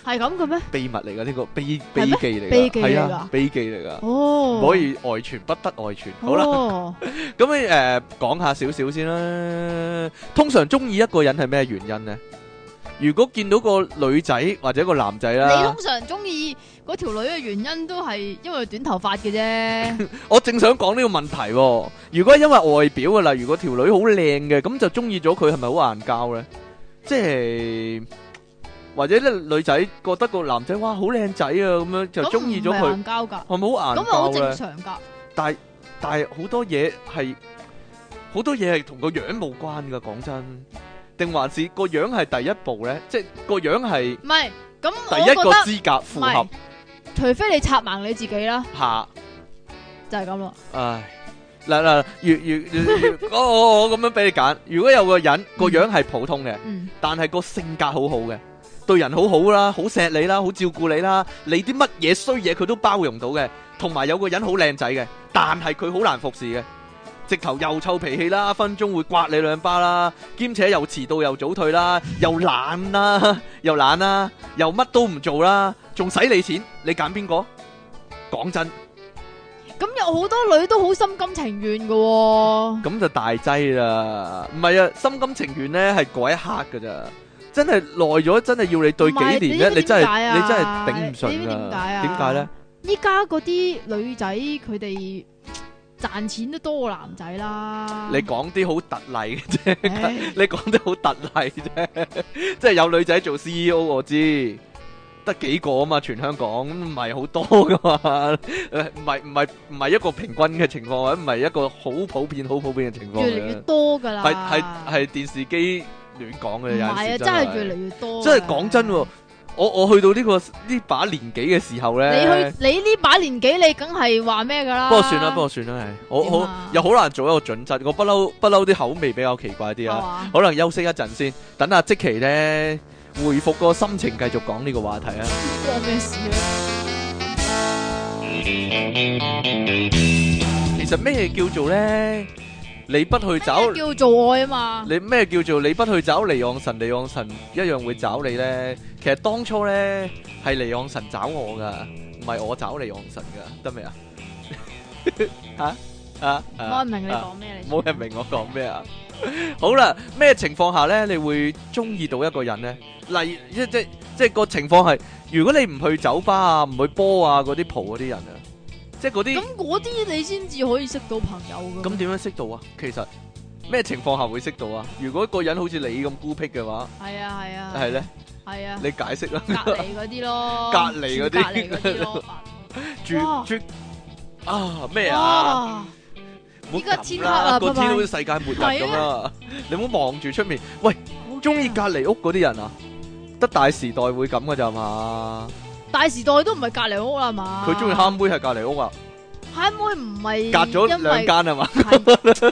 係咁嘅咩？秘密嚟噶，呢個秘秘技嚟，秘技嚟噶，秘技嚟噶。哦，唔可以外傳，不得外傳。好啦、啊，咁你誒講下少少先啦。通常中意一個人係咩原因咧？如果見到個女仔或者個男仔啦，你通常中意嗰條女嘅原因都係因為短頭髮嘅啫。我正想講呢個問題喎，如果係因為外表嘅，例如個條女好靚嘅，咁就中意咗佢，係咪好硬膠咧？即係或者呢女仔覺得個男仔哇好靚仔啊，咁樣就中意咗佢，係咪好硬膠噶？係咪好硬膠？咁咪好正常噶但係但係好多嘢係好多嘢係同個樣冇關噶講真。定還是個樣係第一步咧？即係個樣係，唔係咁第一個資格符合，除非你拆盲你自己啦，吓就係咁咯。唉，嗱嗱，如如如我我我咁樣俾你揀，如果有個人個樣係普通嘅，嗯，但係個性格好好嘅，對人好好啦，好錫你啦，好照顧你啦，你啲乜嘢衰嘢佢都包容到嘅，同埋有個人好靚仔嘅，但係佢好難服侍嘅。直頭又臭脾氣啦，一分鐘會刮你兩巴啦，兼且又遲到又早退啦，又懶啦，又懶啦，又乜都唔做啦，仲使你錢，你揀邊個？講真，咁有好多女都好心甘情願噶，咁就大劑啦。唔係啊，心甘情願咧係嗰一刻噶咋，真係耐咗，真係要你對幾年咧，你真係你真係頂唔順噶。點解啊？點解咧？依家嗰啲女仔佢哋，賺錢都多過男仔啦，你講啲好特例嘅啫，你講啲好特例啫，即係有女仔做 CEO，我知得幾個啊嘛，全香港唔係好多噶嘛。誒，唔係唔係唔係一個平均嘅情況，或者唔係一個好普遍好普遍嘅情況，越嚟越多噶啦，係係係電視機亂講嘅，啊、有陣時就真係越嚟越多，即係講真，真。欸我我去到呢個呢把年紀嘅時候咧，你去你呢把年紀你梗係話咩噶啦不？不過算啦，不過算啦，係我我又好難做一個準則，我不嬲不嬲啲口味比較奇怪啲啊，嗎可能休息一陣先，等下積淇咧回復個心情繼續講呢個話題啊 咩事啊。其實咩叫做咧？你不去找，叫做愛啊嘛！你咩叫做你不去找離岸神？離岸神一樣會找你咧。其實當初咧係離岸神找我噶，唔係我找離岸神噶，得未啊？啊啊！我唔明你講咩嚟？冇人明我講咩啊？好啦，咩情況下咧你會中意到一個人咧？例如，即即即個情況係，如果你唔去酒吧啊，唔去波啊，嗰啲蒲嗰啲人啊。咁嗰啲你先至可以識到朋友噶。咁點樣識到啊？其實咩情況下會識到啊？如果個人好似你咁孤僻嘅話？係啊係啊，係咧，係啊，你解釋啦。隔籬嗰啲咯，隔籬嗰啲。住住啊咩啊？呢個天黑啦，個天好似世界末日咁啊。你唔好望住出面。喂，中意隔籬屋嗰啲人啊？得大時代會咁噶咋嘛？大時代都唔係隔籬屋啦嘛，佢中意慳妹係隔籬屋啊，慳妹唔係隔咗一兩間啊嘛，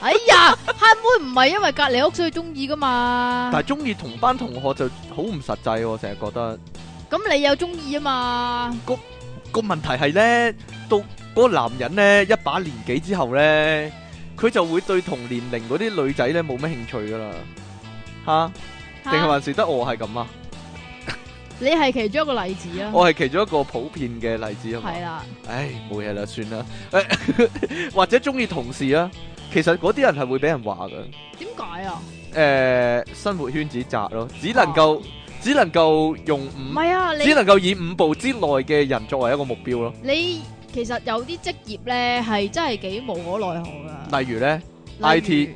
哎呀，慳妹唔係因為隔籬屋所以中意噶嘛，但係中意同班同學就好唔實際，我成日覺得。咁你又中意啊嘛？個個問題係咧，到嗰個男人咧一把年紀之後咧，佢就會對同年齡嗰啲女仔咧冇咩興趣噶啦，吓？定係還是得我係咁啊？你係其中一個例子啊，我係其中一個普遍嘅例子啊，係啦，唉，冇嘢啦，算啦，或者中意同事啊，其實嗰啲人係會俾人話㗎，點解啊？誒，生活圈子窄咯，只能夠只能夠用五，唔係啊，只能夠以五步之內嘅人作為一個目標咯。你其實有啲職業咧係真係幾無可奈何噶，例如咧 IT，IT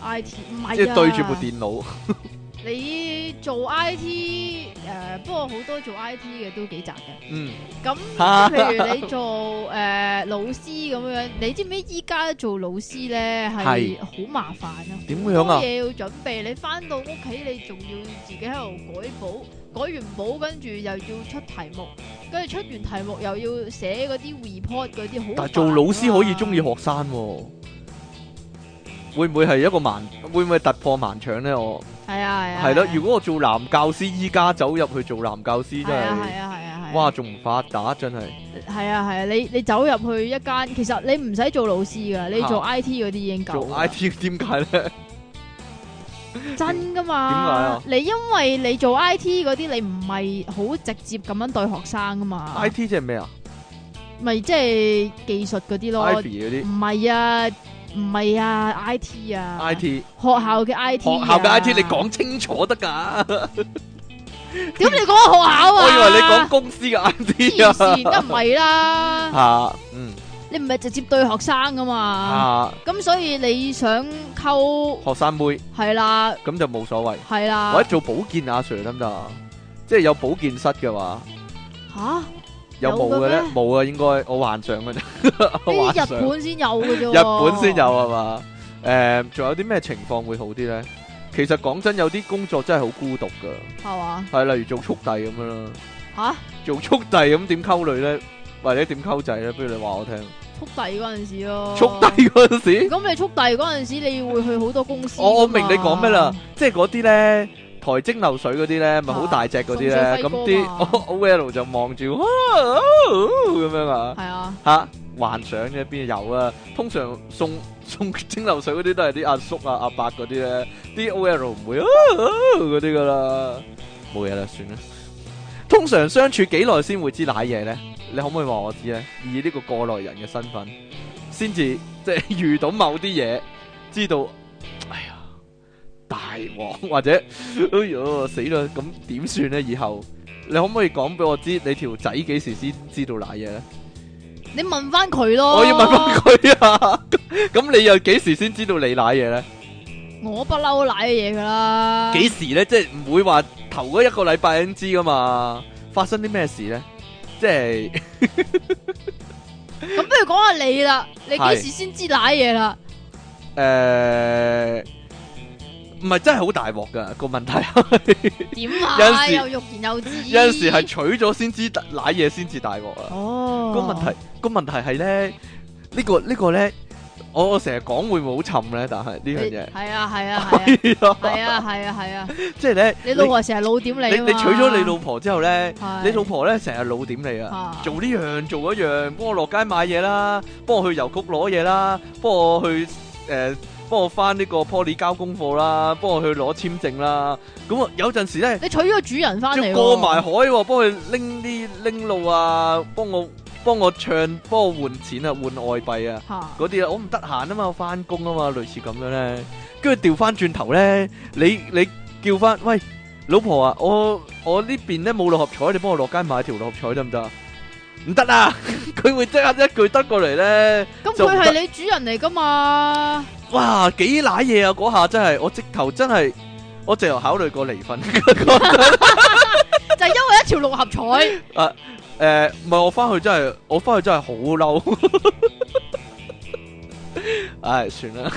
唔係啊，即係對住部電腦。你做 I T 誒、呃，不過好多做 I T 嘅都幾窄嘅。嗯，咁譬如你做誒、 呃、老師咁樣，你知唔知依家做老師咧係好麻煩啊？點樣啊？好多嘢要準備，你翻到屋企你仲要自己喺度改簿，改完簿跟住又要出題目，跟住出完題目又要寫嗰啲 report 嗰啲好。啊、但係做老師可以中意學生、啊，會唔會係一個難？會唔會突破盲腸咧？我？係啊係，係咯！如果我做男教師，依家走入去做男教師，真係，哇，仲唔發達真係？係啊係啊，你你走入去一間，其實你唔使做老師噶，你做 I T 嗰啲已經夠。做 I T 點解咧？真噶嘛？點解啊？你因為你做 I T 嗰啲，你唔係好直接咁樣對學生噶嘛？I T 即係咩啊？咪即係技術嗰啲咯，唔係啊？唔係啊，I T 啊，I T 學校嘅 I T，學校嘅 I T，你講清楚得噶。點你講學校啊？我以為你講公司嘅 I T 啊。黐線，梗係唔係啦。吓，嗯，你唔係直接對學生噶嘛？吓，咁所以你想溝學生妹？係啦，咁就冇所謂。係啦，或者做保健阿 Sir 得唔得？即係有保健室嘅話。吓。有冇嘅咧？冇啊，應該我幻想嘅啫。呢啲日本先有嘅啫。日本先有係嘛？誒，仲有啲咩情況會好啲咧？其實講真，有啲工作真係好孤獨噶，係嘛？係，例如做速遞咁樣咯。嚇！做速遞咁點溝女咧？或者點溝仔咧？不如你話我聽。速遞嗰陣時咯。速遞嗰陣時。咁你速遞嗰陣時，你要會去好多公司。我我明你講咩啦？即係嗰啲咧。台蒸餾水嗰啲咧，咪好大隻嗰啲咧，咁啲 O L 就望住咁樣啊，係啊吓，幻想啫，邊有啊？通常送送蒸餾水嗰啲都係啲阿叔啊阿伯嗰啲咧，啲 O L 唔會啊嗰啲噶啦，冇嘢啦，算啦。通常相處幾耐先會知奶嘢咧？你可唔可以話我知咧？以呢個過來人嘅身份，先至即係遇到某啲嘢，知道。大王或者，哎呦死啦！咁點算咧？以後你可唔可以講俾我知你條仔幾時先知道瀨嘢咧？你問翻佢咯。我要問翻佢啊！咁 你又幾時先知道你瀨嘢咧？我不嬲瀨嘢噶啦。幾時咧？即係唔會話頭嗰一個禮拜先知噶嘛？發生啲咩事咧？即係咁 不如講下你啦。你幾時先知瀨嘢啦？誒。呃唔係真係好大鑊噶個問題，點啊？有欲言又止。有陣時係娶咗先知，瀨嘢先至大鑊啊！哦，個問題個問題係咧，呢個呢個咧，我我成日講會唔會好沉咧，但係呢樣嘢係啊係啊係啊係啊係啊係啊，即係咧，你老婆成日老點你啊？你娶咗你老婆之後咧，你老婆咧成日老點你啊？做呢樣做嗰樣，幫我落街買嘢啦，幫我去郵局攞嘢啦，幫我去誒。幫我翻呢個 poly 交功課啦，幫我去攞簽證啦。咁啊，有陣時咧，你娶咗個主人翻嚟，要過埋海，喔，幫佢拎啲拎路啊，幫我幫我唱，幫我換錢啊，換外幣啊，嗰啲啊，啊，我唔得閒啊嘛，我翻工啊嘛，類似咁樣咧，啊。跟住調翻轉頭咧，你你叫翻喂老婆啊，我我邊呢邊咧冇六合彩，你幫我落街買條六合彩得唔得？唔得啦，佢會即刻一句得過嚟咧。咁佢係你主人嚟噶嘛？哇，幾瀨嘢啊！嗰下真係，我直頭真係，我直頭考慮過離婚，就係因為一條六合彩。誒誒，唔係我翻去真係，我翻去真係好嬲。唉，算啦，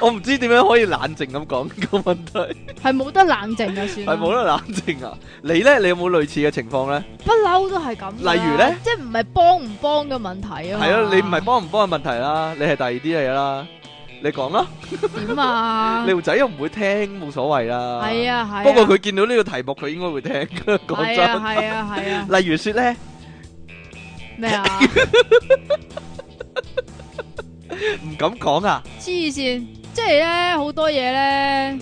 我唔知點樣可以冷靜咁講呢個問題，係冇得冷靜啊，算係冇得冷靜啊。你咧，你有冇類似嘅情況咧？不嬲都係咁。例如咧，即係唔係幫唔幫嘅問題啊？係啊，你唔係幫唔幫嘅問題啦，你係第二啲嘢啦。你講啦，點啊？你仔又唔會聽，冇所謂啦。係啊，係。不過佢見到呢個題目，佢應該會聽。講真，係啊，係啊，係啊。例如說咧，咩啊？唔敢講啊！黐線，即係咧好多嘢咧，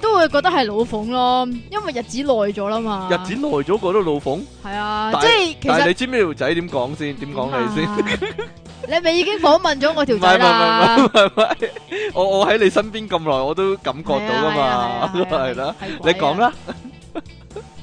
都會覺得係老鳳咯，因為日子耐咗啦嘛。日子耐咗覺得老鳳，係啊，即係其實你知唔知條仔點講先？點講你先？你咪已經訪問咗我條仔啦？係咪？我我喺你身邊咁耐，我都感覺到噶嘛，係啦，你講啦。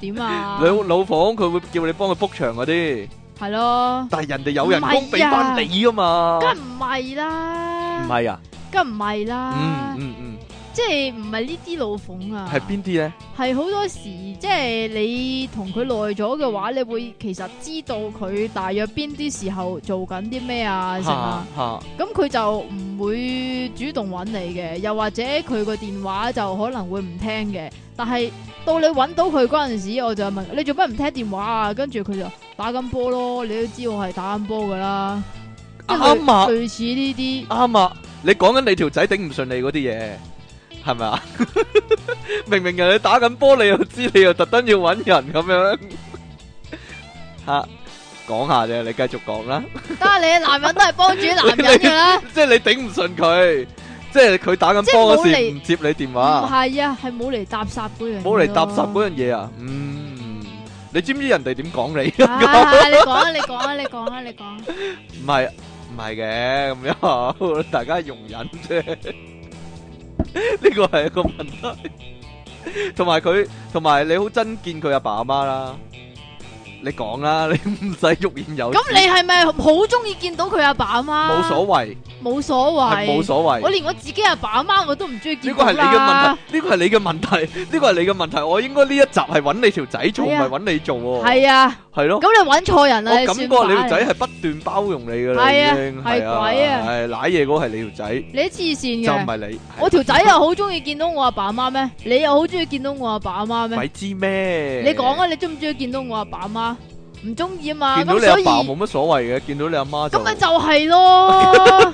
點啊？老老鳳佢會叫你幫佢 book 場嗰啲。係咯，但係人哋有人工俾翻你啊嘛，梗唔係啦，唔係啊，梗唔係啦，嗯嗯嗯。嗯嗯。即係唔係呢啲老奉啊？係邊啲咧？係好多時，即係你同佢耐咗嘅話，你會其實知道佢大約邊啲時候做緊啲咩啊？咁佢、啊啊、就唔會主動揾你嘅，又或者佢個電話就可能會唔聽嘅。但係到你揾到佢嗰陣時，我就問你做乜唔聽電話啊？跟住佢就打緊波咯，你都知道我係打緊波噶啦。啱啊！啊類似呢啲。啱啊，啊！你講緊你條仔頂唔順你嗰啲嘢。係咪啊？明明人哋打緊波，你又知你又特登要揾人咁樣吓？講下啫，你繼續講啦。但係你男人都係幫住男人嘅啦。即係你頂唔順佢，即係佢打緊波嗰時唔接你電話。唔係啊，係冇嚟搭煞嗰樣嘢。冇嚟搭煞嗰樣嘢啊？嗯，你知唔知人哋點講你？係係，你講啊，你講啊，你講啊，你講。唔係唔係嘅，咁樣大家容忍啫。呢個係一個問題， 同埋佢，同埋你好憎見佢阿爸阿媽啦。你講啦，你唔使喐面有。咁你係咪好中意見到佢阿爸阿媽？冇所謂，冇所謂，冇所謂。我連我自己阿爸阿媽我都唔中意見。呢個係你嘅問題，呢個係你嘅問題，呢個係你嘅問，問題。我應該呢一集係搵你條仔做，唔係搵你做。係啊。係咯，咁你揾錯人啦！我感覺你條仔係不斷包容你噶啦，係啊，係鬼啊，係瀨嘢嗰個係你條仔，你黐線嘅就唔係你，我條仔又好中意見到我阿爸阿媽咩？你又好中意見到我阿爸阿媽咩？咪知咩？你講啊，你中唔中意見到我阿爸阿媽？唔中意啊嘛！見到你阿爸冇乜所謂嘅，見到你阿媽就咁咪就係咯，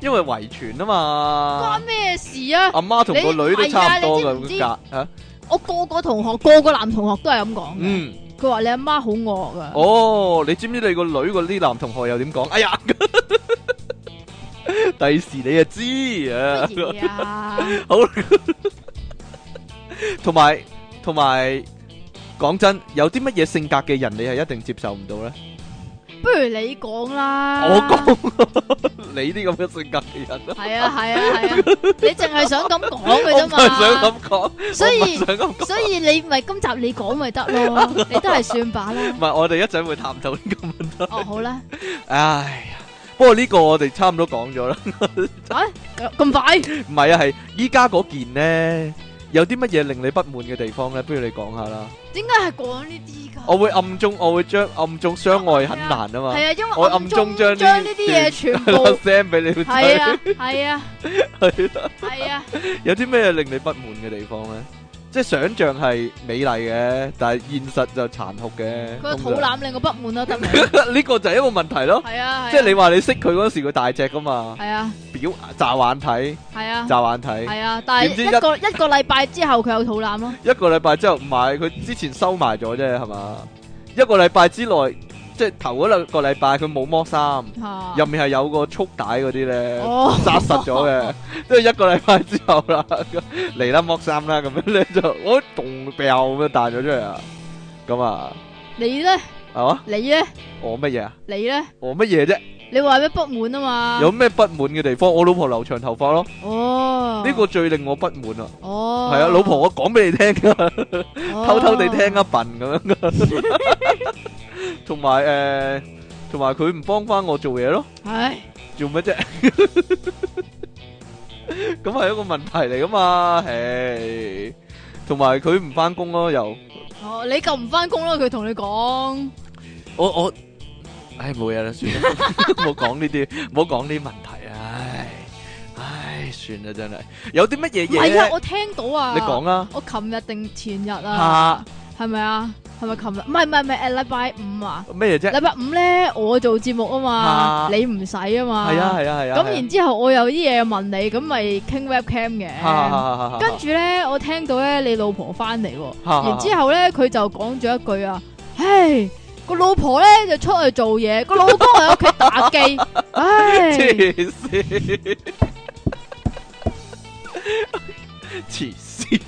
因為遺傳啊嘛。關咩事啊？阿媽同個女都差唔多噶，咁夾吓。我、哦、個個同學，個個男同學都係咁講。嗯，佢話你阿媽好惡噶。哦，你知唔知你個女個啲男同學又點講？哎呀，第 時你就知啊。 好。同埋同埋，講真，有啲乜嘢性格嘅人，你係一定接受唔到咧？不如你講啦，我講，你啲咁嘅性格嘅人，係啊，係啊，係啊，你淨係想咁講嘅啫嘛，我係想咁講，所以所以你咪今集你講咪得咯，你都係算罷啦，唔係我哋一陣會探討呢個問題，哦好啦，哎呀，不過呢個我哋差唔多講咗啦，唉咁快，唔係啊係依家嗰件咧。有啲乜嘢令你不滿嘅地方咧？不如你講下啦。點解係講呢啲噶？我會暗中，我會將暗中相愛很難啊嘛。係啊，啊，因為我暗中將呢啲嘢全部 send 俾你。係啊，係啊，係啊。有啲咩令你不滿嘅地方咧？即係想像係美麗嘅，但係現實就殘酷嘅。佢個肚腩令我不滿囉！得唔得？呢個就係一個問題咯。係啊，即係你話你識佢嗰時佢大隻噶嘛？係啊，表乍眼睇係啊，乍眼睇係啊，但係一個一個禮拜之後佢有肚腩咯。一個禮拜之後唔係佢之前收埋咗啫係嘛？一個禮拜之內。即係頭嗰兩個禮拜佢冇剝衫，入面係有個束帶嗰啲咧紮實咗嘅，都係一個禮拜之後啦嚟啦剝衫啦，咁樣咧就我動掉，咁樣彈咗出嚟啊！咁啊，你咧係嘛？你咧我乜嘢啊？你咧我乜嘢啫？你話咩不滿啊嘛？有咩不滿嘅地方？我老婆留長頭髮咯。哦，呢個最令我不滿啊！哦，係啊，老婆我講俾你聽啊，偷偷地聽一份咁樣。同埋誒，同埋佢唔幫翻我做嘢咯，唉，做乜啫？咁係什 一個問題嚟噶嘛？誒、欸，同埋佢唔翻工咯又哦，你夠唔翻工咯？佢同你講，我我，唉冇嘢啦，算啦，冇講呢啲，冇講呢啲問題啊，唉，算啦，真係有啲乜嘢嘢咧？係啊，我聽到啊，你講啦、啊，我琴日定前日啊，係咪啊？是係咪琴日？唔係唔係唔係。禮拜五啊？咩嘢啫？禮拜五咧，我做節目啊嘛，你唔使啊嘛。係啊係啊係啊。咁然之後，我有啲嘢問你，咁咪傾 webcam 嘅。跟住咧，我聽到咧，你老婆翻嚟喎。然之後咧，佢就講咗一句啊，唉，個老婆咧就出去做嘢，個老公喺屋企打機。唉，黐線，黐線，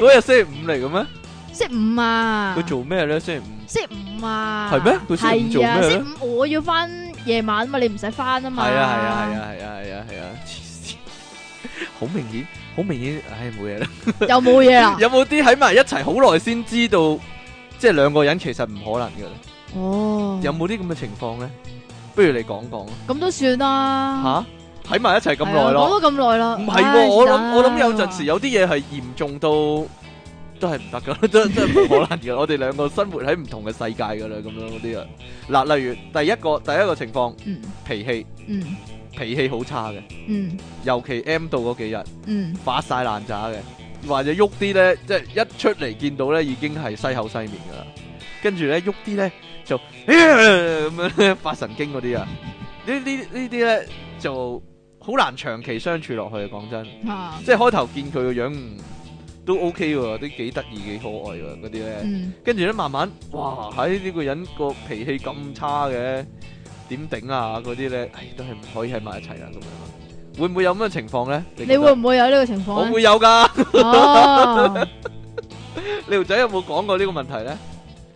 嗰日星期五嚟嘅咩？星期五啊！佢做咩咧？星期五。星期五啊！係咩？係啊！星期五我要翻夜晚啊嘛，你唔使翻啊嘛。係啊係啊係啊係啊係啊係啊！黐線，好明顯，好明顯，唉冇嘢啦。有冇嘢啊！有冇啲喺埋一齊好耐先知道，即係兩個人其實唔可能噶啦。哦。有冇啲咁嘅情況咧？不如你講講。咁都算啦。吓，喺埋一齊咁耐咯。講咗咁耐啦。唔係，我諗我諗有陣時有啲嘢係嚴重到。都係唔得噶，真真係冇可能噶。我哋兩個生活喺唔同嘅世界噶啦，咁樣嗰啲啊。嗱，例如第一個第一個情況，脾氣，脾氣好差嘅，尤其 M 度嗰幾日，發晒爛渣嘅，或者喐啲咧，即係一出嚟見到咧，已經係西口西面噶啦。跟住咧，喐啲咧就咁樣咧發神經嗰啲啊。呢呢呢啲咧就好難長期相處落去。講真，即係開頭見佢個樣都 OK 喎，啲幾得意幾可愛喎，嗰啲咧。跟住咧慢慢，哇！喺呢個人個脾氣咁差嘅，點頂啊？嗰啲咧，唉，都係唔可以喺埋一齊啊！咁樣，會唔會有咁嘅情況咧？你會唔會有呢個情況？我會有噶。你條仔有冇講過呢個問題咧？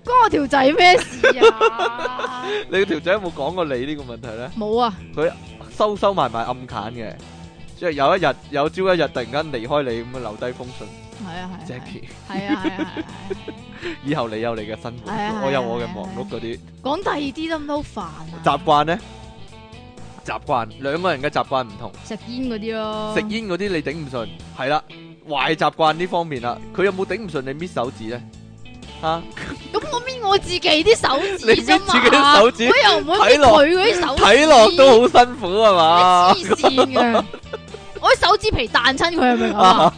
哥條仔咩事啊？你條仔有冇講過你呢個問題咧？冇啊！佢收收埋埋暗砍嘅，即係有一日，有朝一日突然間離開你，咁樣留低封信。係啊係，Jackie 係啊係，以後你有你嘅生活，我有我嘅忙碌嗰啲。講第二啲都唔好煩。習慣呢？習慣兩個人嘅習慣唔同。食煙嗰啲咯，食煙嗰啲你頂唔順，係啦，壞習慣呢方面啦，佢有冇頂唔順你搣手指咧？吓？咁我搣我自己啲手指咋嘛？我又唔會搣佢嗰啲手指，睇落都好辛苦啊嘛。黐線噶。開手指皮，彈親佢係咪啊？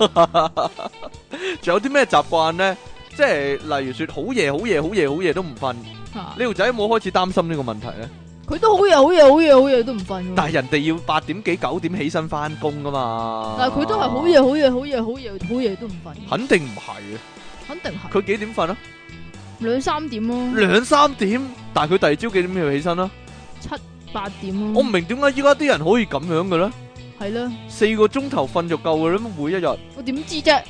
仲有啲咩習慣咧？即係例如說，好夜好夜好夜好夜都唔瞓。呢條仔有冇開始擔心呢個問題咧？佢都好夜好夜好夜好夜都唔瞓。但係人哋要八點幾九點起身翻工噶嘛？但係佢都係好夜好夜好夜好夜好夜都唔瞓。肯定唔係啊！肯定係。佢幾點瞓啊？兩三點咯。兩三點，但係佢第二朝幾點要起身啊？七八點咯。我唔明點解依家啲人可以咁樣嘅咧？係咯，四個鐘頭瞓就夠啦，每一日。我點知啫？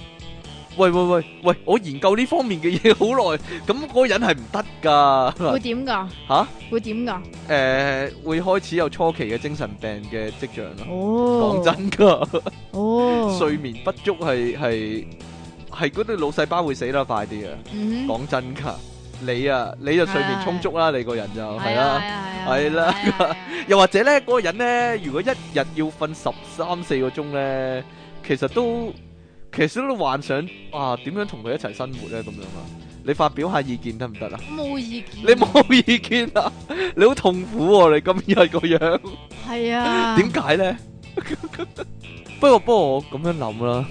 喂喂喂喂，我研究呢方面嘅嘢好耐，咁嗰個人係唔得噶。會點噶？吓？會點噶？誒，會開始有初期嘅精神病嘅跡象啦。哦，講真噶，哦，睡眠不足係係係嗰啲腦細胞會死得快啲啊，講真噶。你啊，你就睡眠充足啦，你個人就係啦，係啦，又或者咧，嗰個人咧，如果一日要瞓十三四個鐘咧，其實都其實都幻想啊，點樣同佢一齊生活咧咁樣啊？你發表下意見得唔得啊？冇意見，你冇意見啊？你好痛苦，你今日個樣係啊？點解咧？不過不過我咁樣諗啦，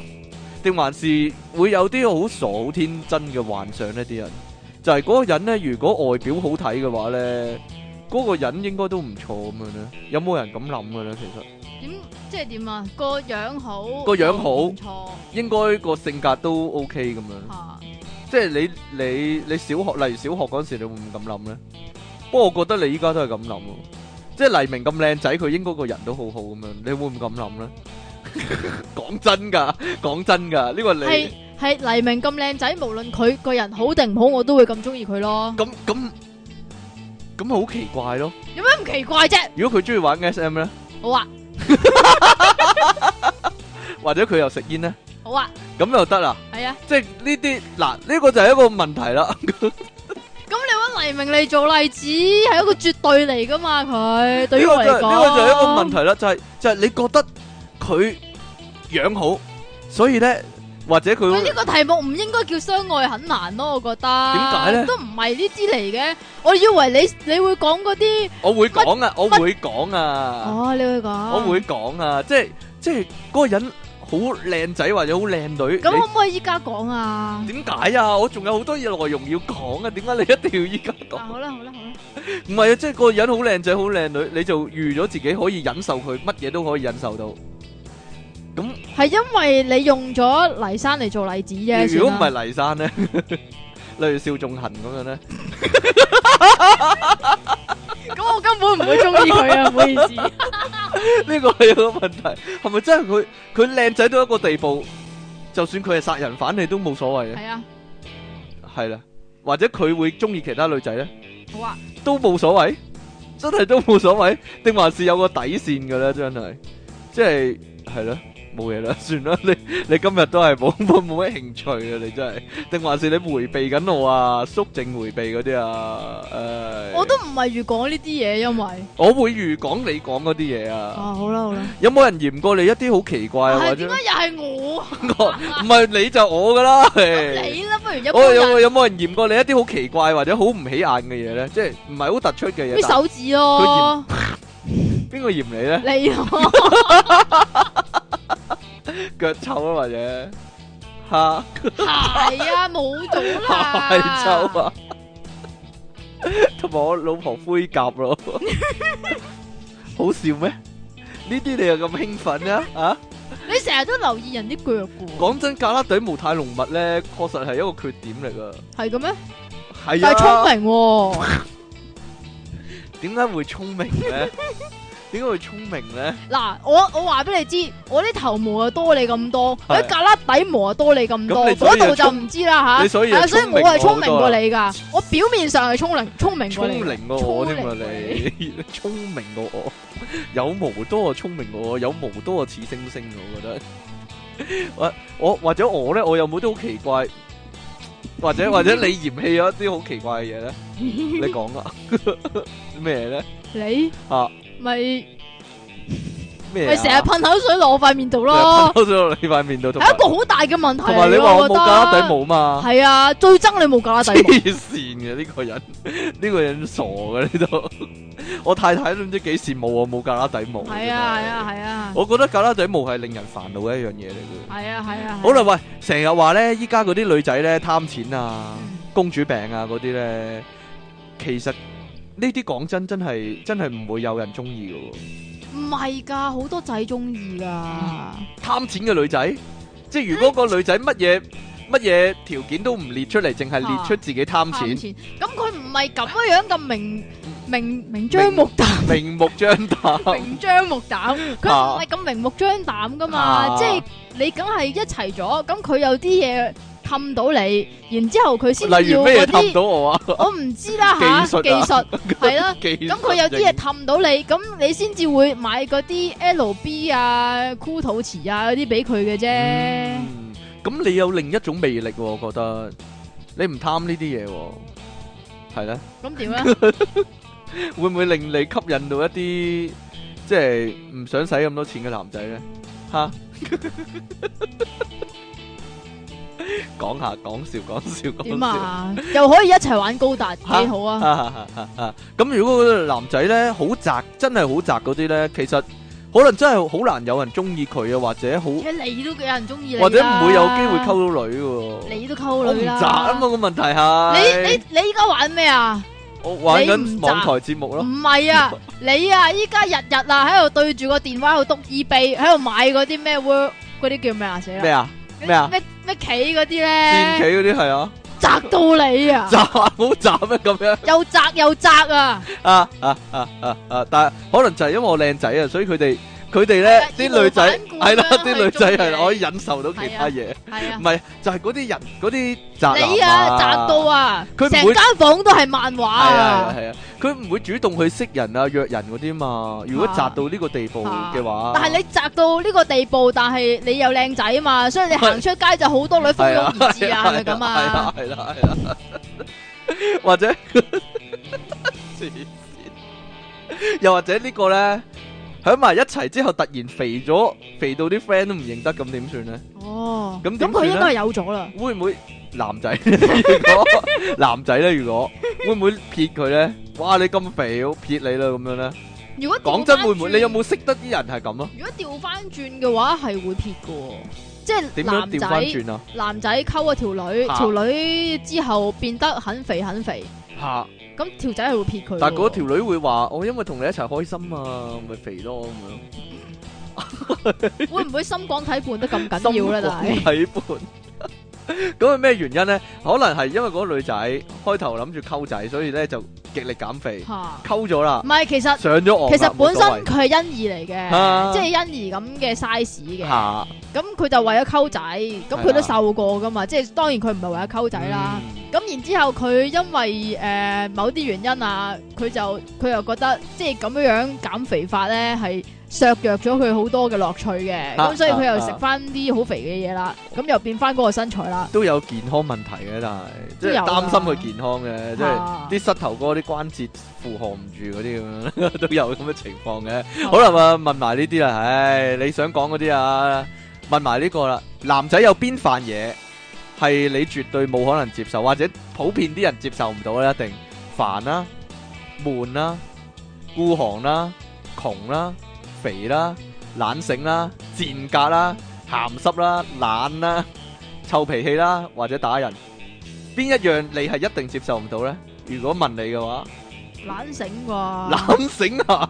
定還是會有啲好傻、好天真嘅幻想咧？啲人。就係嗰個人咧，如果外表好睇嘅話咧，嗰個人應該都唔錯咁樣咧。有冇人咁諗嘅咧？其實點，即係點啊？個樣好，個樣好，唔錯，應該個性格都 OK 咁樣。即係你你你小學，例如小學嗰時，你會唔會咁諗咧？不過我覺得你依家都係咁諗咯。即係黎明咁靚仔，佢應該個人都好好咁樣，你會唔會咁諗咧？講真噶，講真噶，呢個你。係黎明咁靚仔，無論佢個人好定唔好，我都會咁中意佢咯。咁咁咁好奇怪咯。有咩咁奇怪啫？如果佢中意玩 SM 咧，好啊。或者佢又食煙咧，好啊。咁又得啦。係啊，即係呢啲嗱，呢個就係一個問題啦。咁你揾黎明嚟做例子，係一個絕對嚟噶嘛？佢對於我嚟講，呢個就係一個問題啦。就係就係你覺得佢樣好，所以咧。或者佢，佢呢個題目唔應該叫相愛很難咯，我覺得。點解咧？都唔係呢啲嚟嘅，我以為你你會講嗰啲，我會講啊，我會講啊。哦，你會講。我會講啊，即係即係嗰個人好靚仔或者好靚女。咁可唔可以依家講啊？點解啊？我仲有好多嘢內容要講啊？點解你一定要依家講？好啦好啦好啦。唔係啊，即係嗰個人好靚仔好靚女，你就預咗自己可以忍受佢，乜嘢都可以忍受到。係因為你用咗黎山嚟做例子啫。如果唔係黎山咧，例如邵仲衡咁樣咧，咁我根本唔會中意佢啊！唔好意思，呢個係有個問題，係咪真係佢佢靚仔到一個地步，就算佢係殺人犯，你都冇所謂？係啊，係啦，或者佢會中意其他女仔咧？好啊，都冇所謂，真係都冇所謂，定還是有個底線嘅咧？真係，即係係咯。冇嘢啦，算啦，你你今日都係冇乜冇乜興趣啊！你真係，定還是你回避緊我啊？縮頸回避嗰啲啊？誒，我都唔係預講呢啲嘢，因為我會預講你講嗰啲嘢啊。哦，好啦好啦。有冇人嫌過你一啲好奇怪或者點解又係我？唔係你就我噶啦。你啦，不如我有有冇人嫌過你一啲好奇怪或者好唔起眼嘅嘢咧？即係唔係好突出嘅嘢？啲手指咯。邊個嫌你咧？你。腳臭啦，或者吓係啊，冇咗啦，太臭啊！同埋我老婆灰甲咯，好笑咩？呢啲你又咁興奮啊？啊！你成日都留意人啲腳嘅。講真，咖啦底毛太濃密咧，確實係一個缺點嚟噶。係咁咩？係啊，但係聰明，點解會聰明嘅？點解會聰明咧？嗱，我我話俾你知，我啲頭毛啊多你咁多，喺格拉底毛啊多你咁多，嗰度就唔知啦吓。所以，我係聰明過你噶。我表面上係聰明，聰明，聰明，聰明過你，聰明過我。有毛多啊，聰明過我；有毛多啊，似星星。我覺得，或我或者我咧，我有冇啲好奇怪，或者或者你嫌棄咗啲好奇怪嘅嘢咧？你講啊，咩咧？你啊？咪咩？咪成日噴口水落我塊面度咯！噴口水落你塊面度，係一個好大嘅問題。同埋你話我冇格拉底毛嘛？係啊，最憎你冇格拉底毛！黐線嘅呢個人，呢個人傻嘅呢度。我太太都唔知幾羨慕我冇格拉底毛。係啊，係啊，係啊！我覺得格拉底毛係令人煩惱嘅一樣嘢嚟嘅。係啊，係啊！好啦，喂，成日話咧，依家嗰啲女仔咧貪錢啊，公主病啊，嗰啲咧，其實。呢啲講真真係真係唔會有人中意嘅喎，唔係㗎，好多仔中意㗎。貪錢嘅女仔，即係如果個女仔乜嘢乜嘢條件都唔列出嚟，淨係列出自己貪錢，咁佢唔係咁樣咁明明明張目張膽明，明目張膽， 明張目膽佢唔係咁明目張膽㗎嘛，啊、即係你梗係一齊咗，咁、嗯、佢有啲嘢。氹到你，然之後佢先要嗰啲。例如咩氹到我啊？我唔知啦吓。技術技術係啦。咁佢有啲嘢，氹到你，咁你先至會買嗰啲 L B 啊、酷土池啊嗰啲俾佢嘅啫。咁你有另一種魅力，我覺得你唔貪呢啲嘢，係咧。咁點咧？會唔會令你吸引到一啲即係唔想使咁多錢嘅男仔咧？吓。講下講笑，講笑點啊？又 可以一齊玩高達，幾好啊！咁如果個男仔咧好宅，真係好宅嗰啲咧，其實可能真係好難有人中意佢啊，或者好，即係你都有人中意你，或者唔會有機會溝到女嘅，你都溝女啦，宅啊嘛，個問題係，你你你依家玩咩啊？我玩緊網台節目咯，唔係啊，你啊依家日日啊喺度對住個電話喺度篤 eBay，喺度買嗰啲咩 w 嗰啲，叫咩啊？寫咩啊？咩啊？咩棋嗰啲咧？戰棋嗰啲係啊，摘到你啊！摘好摘咩咁樣？又摘又摘啊！啊啊啊啊啊！但係可能就係因為我靚仔啊，所以佢哋。佢哋咧啲女仔係啦，啲女仔係可以忍受到其他嘢，唔係就係嗰啲人嗰啲宅男啊，宅到啊，佢成間房都係漫畫。啊係啊，佢唔會主動去識人啊約人嗰啲嘛。如果宅到呢個地步嘅話，但係你宅到呢個地步，但係你又靚仔嘛，所以你行出街就好多女蜂擁而至啊，係咪咁啊？或者，又或者呢個咧？喺埋一齊之後突然肥咗，肥到啲 friend 都唔認得，咁點算咧？哦，咁咁佢應該係有咗啦。會唔會男仔？男仔咧？如果會唔會撇佢咧？哇！你咁肥，撇你啦咁樣咧？如果講真，會唔會？你有冇識得啲人係咁啊？如果調翻轉嘅話，係會撇噶，即係男仔。點樣調翻轉啊？男仔溝啊條女，條女之後變得很肥很肥。下。咁條仔係會撇佢，但係嗰條女會話：我、哦、因為同你一齊開心啊，咪肥咯咁樣。 會唔會心廣體胖得咁緊要咧？但係光體胖咁係咩原因咧？可能係因為嗰個女仔開頭諗住溝仔，所以咧就。極力減肥，溝咗啦。唔係了，其實上咗岸。其實本身佢係欣兒嚟嘅，哈即係欣兒咁嘅 size 嘅。咁佢哈就為咗溝仔，咁佢哈都瘦過噶嘛。嗎即係當然佢唔係為咗溝仔啦。咁、嗯、然之後佢因為誒、呃、某啲原因啊，佢就佢又覺得即係咁樣樣減肥法咧係。削弱咗佢好多嘅樂趣嘅，咁所以佢又食翻啲好肥嘅嘢啦，咁又變翻嗰個身材啦。都有健康問題嘅，但係即係擔心佢健康嘅，即係啲膝頭哥啲關節負荷唔住嗰啲咁樣，都有咁嘅情況嘅。好啦，問埋呢啲啦，唉，你想講嗰啲啊，問埋呢個啦，男仔有邊範嘢係你絕對冇可能接受，或者普遍啲人接受唔到咧，一定煩啦、悶啦、孤寒啦、窮啦。肥啦、懶醒啦、賤格啦、鹹濕啦、懶啦、臭脾氣啦，或者打人，邊一樣你係一定接受唔到咧？如果問你嘅話，懶醒啩？懶醒啊？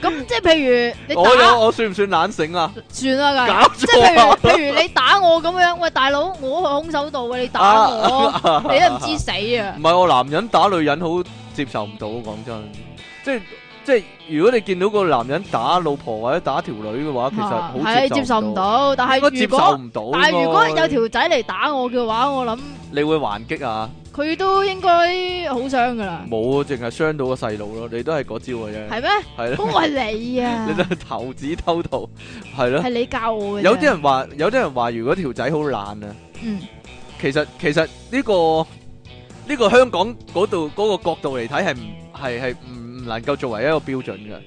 咁即係譬如，我有我算唔算懶醒啊？算啦，即係譬如譬如你打我咁樣，喂，大佬，我係空手道嘅，你打我，你都唔知死啊！唔係我，男人打女人好接受唔到，講真，即係。即係如果你見到個男人打老婆或者打條女嘅話，其實好接受唔到。但係如果接受唔到，但係如果有條仔嚟打我嘅話，我諗你會還擊啊！佢都應該好傷㗎喇。冇，淨係傷到個細路咯，你都係嗰招嘅啫。係咩？係咯，都係你啊！你就偷子偷桃，係咯。係你教我嘅。有啲人話，有啲人話，如果條仔好懶啊。嗯，其實其實呢個呢個香港嗰度嗰個角度嚟睇係唔係，係唔？唔能夠作為一個標準嘅，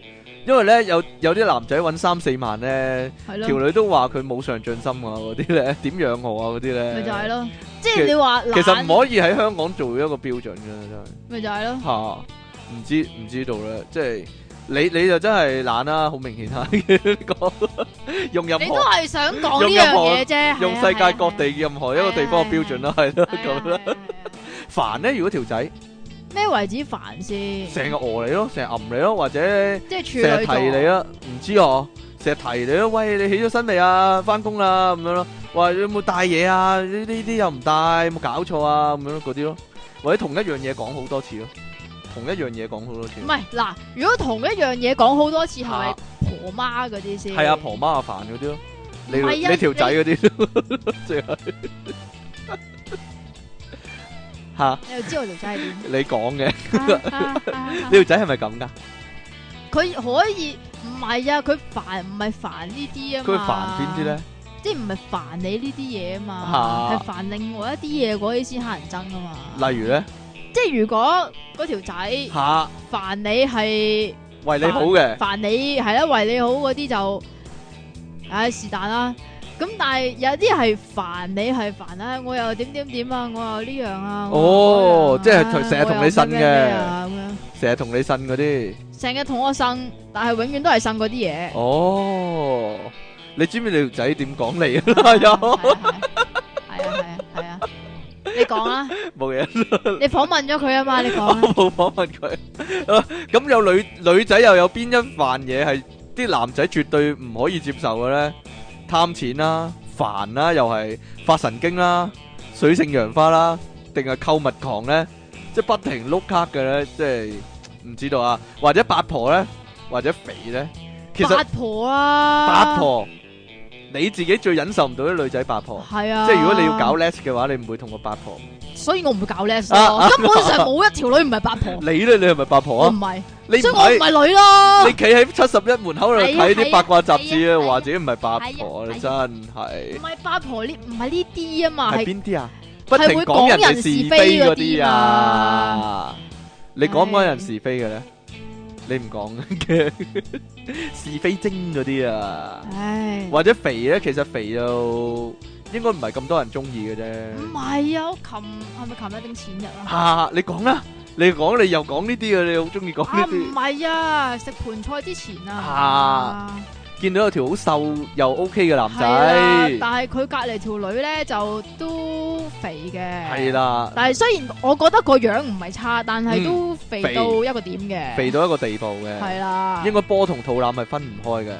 因為咧有有啲男仔揾三四萬咧，條女都話佢冇上進心啊，嗰啲咧點養我啊，嗰啲咧咪就係咯，即係你話其實唔可以喺香港做一個標準嘅，真係咪就係咯吓，唔知唔知道咧，即係你你就真係懶啦，好明顯啊，講用任何你都係想講呢樣嘢啫，用世界各地任何一個地方嘅標準啦，係咯咁啦，煩咧如果條仔。咩位置煩先？成日餓你咯，成日揞你咯，或者即係成日提你咯，唔知啊，成日提你咯，喂，你起咗身嚟啊？翻工啦咁樣咯，喂，有冇帶嘢啊？呢啲又唔帶，有冇搞錯啊？咁樣嗰啲咯，或者同一樣嘢講好多次咯，同一樣嘢講好多次。唔係嗱，如果同一樣嘢講好多次，係咪婆媽嗰啲先？係啊，啊，婆媽、啊、煩嗰啲咯，你、啊、你條仔嗰啲成日。 一 吓！你又知我條仔係點？ 你講說嘅的笑，呢條仔係咪咁噶？佢可以唔係啊？佢煩唔係煩呢啲啊？佢煩邊啲咧？即係唔係煩你呢啲嘢啊嘛？係煩 另外一啲嘢嗰啲先乞人憎噶嘛？例如咧，即係如果嗰條仔吓煩你係為 你，你好嘅，煩你係啦為你好嗰啲就唉是但啦。咁但係有啲係煩你係煩啊，我又點點點啊，我又呢樣啊，哦即係成日同你呻嘅，成日同你呻嗰啲，成日同我呻，但係永遠都係呻嗰啲嘢。哦，你知唔知條仔點講你啊？係啊係啊係啊，你講啦，冇嘢，你訪問咗佢啊嘛。你講冇訪問佢啊。咁有女女仔又有邊一範嘢係啲男仔絕對唔可以接受嘅咧？貪錢啦，煩啦，又係發神經啦，水性楊花啦，定係購物狂咧？即係不停碌卡嘅咧，即係唔知道啊！或者八婆咧，或者肥咧，其實八婆啊，八婆你自己最忍受唔到啲女仔八婆，係啊，即係如果你要搞 les 嘅話，你唔會同個八婆，所以我唔會搞 les。根本上冇一條女唔係八婆，你咧，你係咪八婆啊？我唔係。你，所以我唔係女咯，你企喺七十一門口度睇啲八卦雜誌啊，話自己唔係八婆，你真係唔係八婆呢？唔係呢啲啊嘛，係邊啲啊？係會講人是非嗰啲啊？你講唔講人是非嘅咧？你唔講嘅是非精嗰啲啊？或者肥咧？其實肥又應該唔係咁多人中意嘅啫。唔係啊，我琴係咪琴日定前日啊？吓，你講啦。你講你又講，呢啲啊，你好中意講呢啲唔係啊，食盤菜之前啊，啊啊見到有條好瘦又 OK 嘅男仔，啊。但係佢隔籬條女咧就都肥嘅。係啦，啊。但係雖然我覺得個樣唔係差，但係都肥到一個點嘅，嗯。肥到一個地步嘅。係啦，啊。應該波同肚腩係分唔開嘅。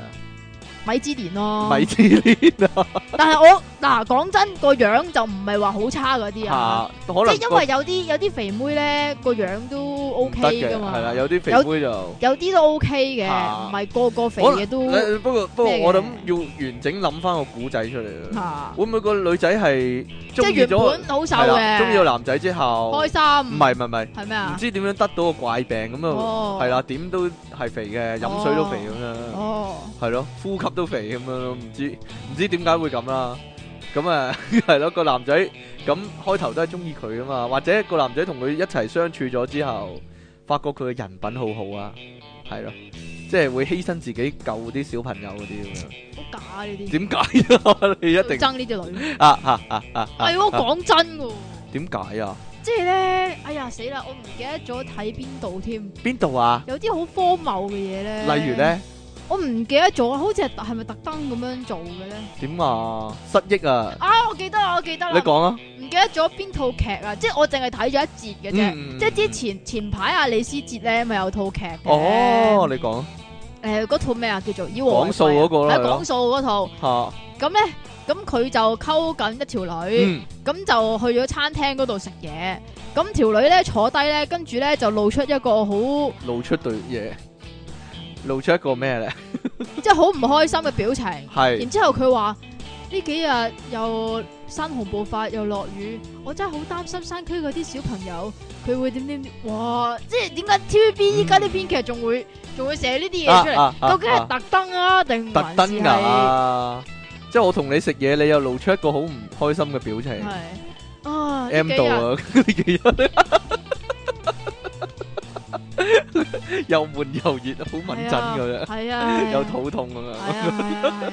米芝蓮咯，米芝蓮啊！但係我嗱講真個樣就唔係話好差嗰啲啊，可能即係因為有啲有啲肥妹咧個樣都 O K 噶嘛，係啦，有啲肥妹就有啲都 O K 嘅，唔係個個肥嘅都。不過不過我諗要完整諗翻個古仔出嚟啊，會唔會個女仔係即係原本好瘦嘅，中意個男仔之後開心？唔係唔係唔係，係咩啊？唔知點樣得到個怪病咁啊？係啦，點都係肥嘅，飲水都肥咁樣，係咯，呼吸。都肥咁樣，唔知唔知點解會咁啦？咁啊係咯，個男仔咁開頭都係中意佢吖嘛，或者個男仔同佢一齊相處咗之後，發覺佢嘅人品好好啊，係咯，即係會犧牲自己救啲小朋友嗰啲咁樣。好假呢啲。點解？你一定爭呢隻女。啊啊啊啊！哎呀，我講真噶。點解啊？即係咧，哎呀死啦，我唔記得咗睇邊度添。邊度啊？有啲好荒謬嘅嘢咧。例如咧。我唔記得咗，好似係，係咪特登咁樣做嘅咧？點啊，失憶啊？啊，我記得啦，我記得啦。你講啊，唔記得咗邊套劇啊？即係我淨係睇咗一節嘅啫。嗯、即係之前前排阿李思捷咧咪有套劇？哦，你講。誒、呃，嗰套咩啊？叫做《妖、呃、王》講數。講數嗰個喺講數嗰套。吓。咁咧、啊，咁佢就溝緊一條女，咁、嗯、就去咗餐廳嗰度食嘢。咁條女咧坐低咧，跟住咧就露出一個好露出對嘢。露出一個咩咧？ 即係好唔開心嘅表情。係。是然之後佢話呢幾日又山洪暴發又落雨，我真係好擔心山區嗰啲小朋友，佢會點點點？哇！即係點解 TVB 依家啲編劇仲會仲會寫呢啲嘢出嚟？啊啊啊、究竟係特登啊定？啊還是 特登啊？是啊！即係我同你食嘢，你又露出一個好唔開心嘅表情。係。啊，呢幾日 又悶又熱，好敏感嘅啫，係啊，又肚痛啊嘛。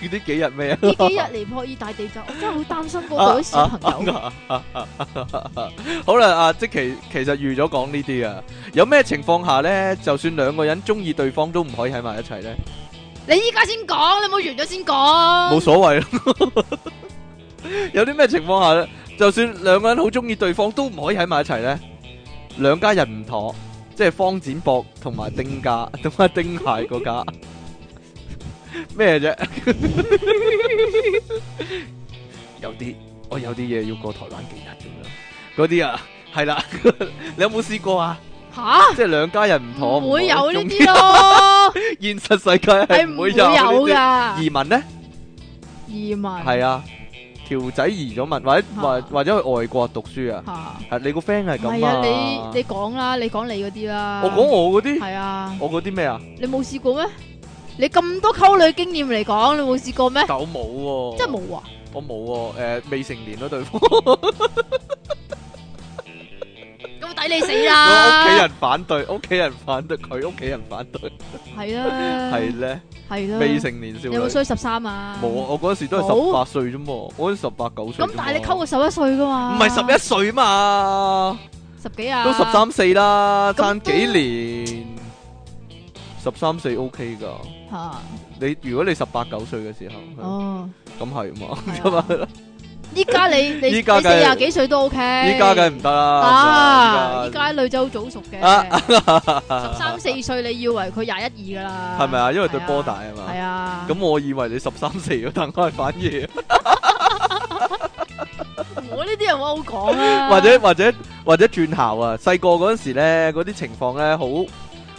佢啲幾日咩啊？呢幾日連破二大地震，我真係好擔心嗰度啲小朋友啊！好啦，啊，積淇，其實預咗講呢啲啊，有咩情況下咧，就算兩個人中意對方都唔可以喺埋一齊咧？你依家先講，你冇完咗先講，冇所謂咯。有啲咩情況下咧，就算兩個人好中意對方都唔可以喺埋一齊咧？兩家人唔妥，即係方展博同埋丁家，同埋丁蟹個家咩啫 麼呢、 哦？有啲，我有啲嘢要過台灣幾日咁樣，嗰啲啊，係啦， 你有冇試過啊？吓蛤，即係兩家人唔妥，唔會有呢啲咯。 現實世界係唔會有噶。移民呢？移民係啊。條仔移咗民，或者或或者去外國讀書啊？係你個 friend 係咁啊？係啊，你你講啦，你講你嗰啲啦。我講我嗰啲。係啊。我嗰啲咩啊？你冇試過咩？你咁多溝女經驗嚟講，你冇試過咩？我冇。真係冇啊？我冇誒，未成年咯，對方。咁抵你死啦！屋企人反對，屋企人反對，佢屋企人反對，係啊，係咧。係咯，未成年少，有冇衰十三啊？冇啊，我嗰陣時都係十八歲啫噃，我都十八九歲。咁但係你溝過十一歲噶嘛？唔係十一歲嘛？十幾啊？都十三四啦，爭幾年？十三四 OK 噶吓，你如果你十八九歲嘅時候，哦，咁係嘛，依家你你依家四廿幾歲都 OK，依家梗係唔得啦。啊，依家女仔好早熟嘅，十三四歲，你以為佢廿一二噶啦。係咪啊？因為對波大啊嘛。係啊。咁我以為你十三四，但係反而， 我呢啲人話好講或者或者或者轉校啊，細個嗰陣時咧，嗰啲情況咧，好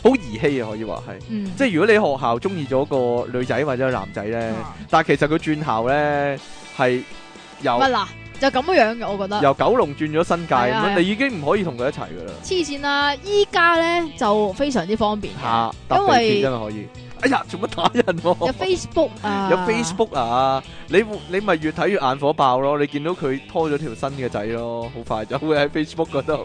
好兒戲啊，可以話係。嗯。即係如果你學校中意咗個女仔或者男仔咧，但係其實佢轉校咧係。由嗱就咁、是、樣樣嘅，我覺得由九龍轉咗新界，咁、啊啊、你已經唔可以同佢一齊噶啦。黐線啊！依家咧就非常之方便，因為、啊、真係可以。為哎呀，做乜打人？有 Facebook 啊，有 Facebook 啊， 啊，你你咪越睇越眼火爆咯！你見到佢拖咗條新嘅仔咯，好快就會喺 Facebook 嗰度，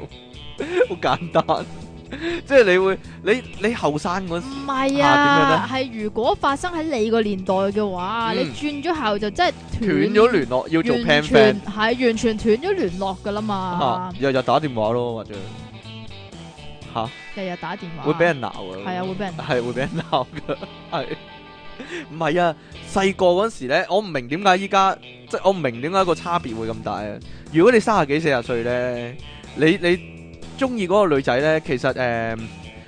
好 簡單。 即係你會，你你後生嗰時唔係啊，係、啊、如果發生喺你個年代嘅話，嗯、你轉咗校就真係斷咗聯絡，要做 pen friend 係完全斷咗聯絡噶啦嘛，日日、啊、打電話咯或者吓，日、啊、日打電話會俾人鬧啊。係啊會俾人係會俾人鬧噶，係唔係啊？細個嗰時咧，我唔明點解依家即係我唔明點解個差別會咁大啊？如果你三十幾四十歲咧，你你。你中意嗰個女仔呢，其實誒、嗯，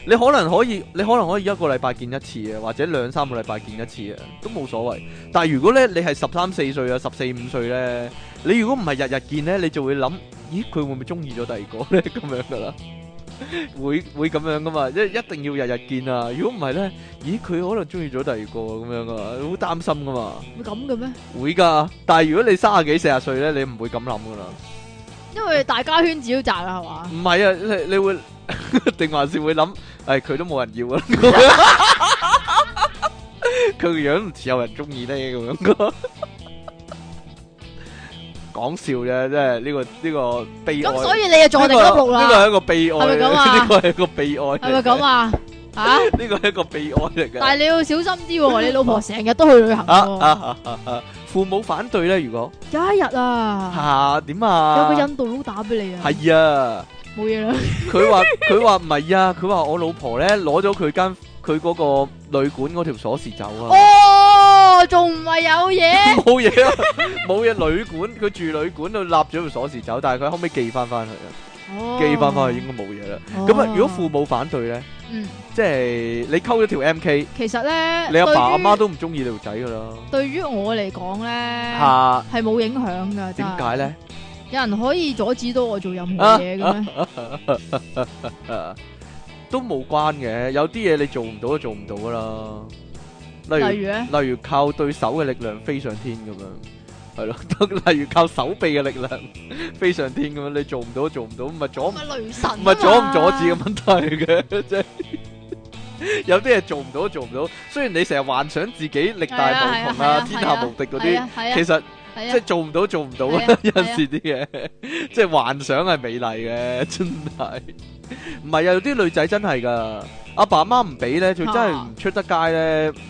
你可能可以，你可能可以一個禮拜見一次啊，或者兩三個禮拜見一次啊，都冇所謂。但係如果呢，你係十三四歲啊，十四五歲呢，你如果唔係日日見呢，你就會諗，咦，佢會唔會中意咗第二個呢？咁 樣噶啦，會會咁樣噶嘛，一一定要日日見啊！如果唔係呢，咦，佢可能中意咗第二個咁樣啊，好擔心噶嘛。會咁嘅咩？會噶，但係如果你三十幾四十歲呢，你唔會咁諗噶啦。因為大家圈子都窄啦，係嘛？唔係啊，你你會定還是會諗，誒，佢都冇人要啊？佢個樣唔似有人中意咧，咁樣講笑啫，即係呢個呢個悲哀。咁所以你就做定嗰部啦？呢個係一個悲哀，係咪咁啊？呢個係一個悲哀，係咪咁啊？啊？呢個係一個悲哀嚟嘅。但係你要小心啲喎，你老婆成日都去旅行。啊啊啊啊！父母反對咧，如果有一日啊，嚇點啊，啊有個印度佬打俾你啊，係啊，冇嘢啦。佢話佢話唔係啊，佢話我老婆咧攞咗佢間佢嗰個旅館嗰條鎖匙走啊，哦，仲唔係有嘢？冇嘢啊，冇嘢。旅館佢住旅館度立咗條鎖匙走，但係佢後尾寄翻翻去啊。寄翻翻去應該冇嘢啦。咁啊，如果父母反對咧，嗯，即係你溝咗條 MK，其實咧，你阿爸阿媽都唔中意你條仔噶啦。對於我嚟講咧，吓係冇影響噶。點解咧？有人可以阻止到我做任何嘢嘅咩？都冇關嘅。有啲嘢你做唔到都做唔到噶啦。例如例如靠對手嘅力量飛上天咁樣。係咯，例如靠手臂嘅力量飛上天咁樣，你做唔到做唔到，唔係阻唔係雷神，唔係阻唔阻止嘅問題嘅，即係有啲嘢，做唔到做唔到。雖然你成日幻想自己力大無窮啊，天下無敵嗰啲，其實即係做唔到做唔到啊。有陣時啲嘢，即係幻想係美麗嘅，真係唔係啊！有啲女仔真係噶，阿爸阿媽唔俾咧，就真係唔出得街咧。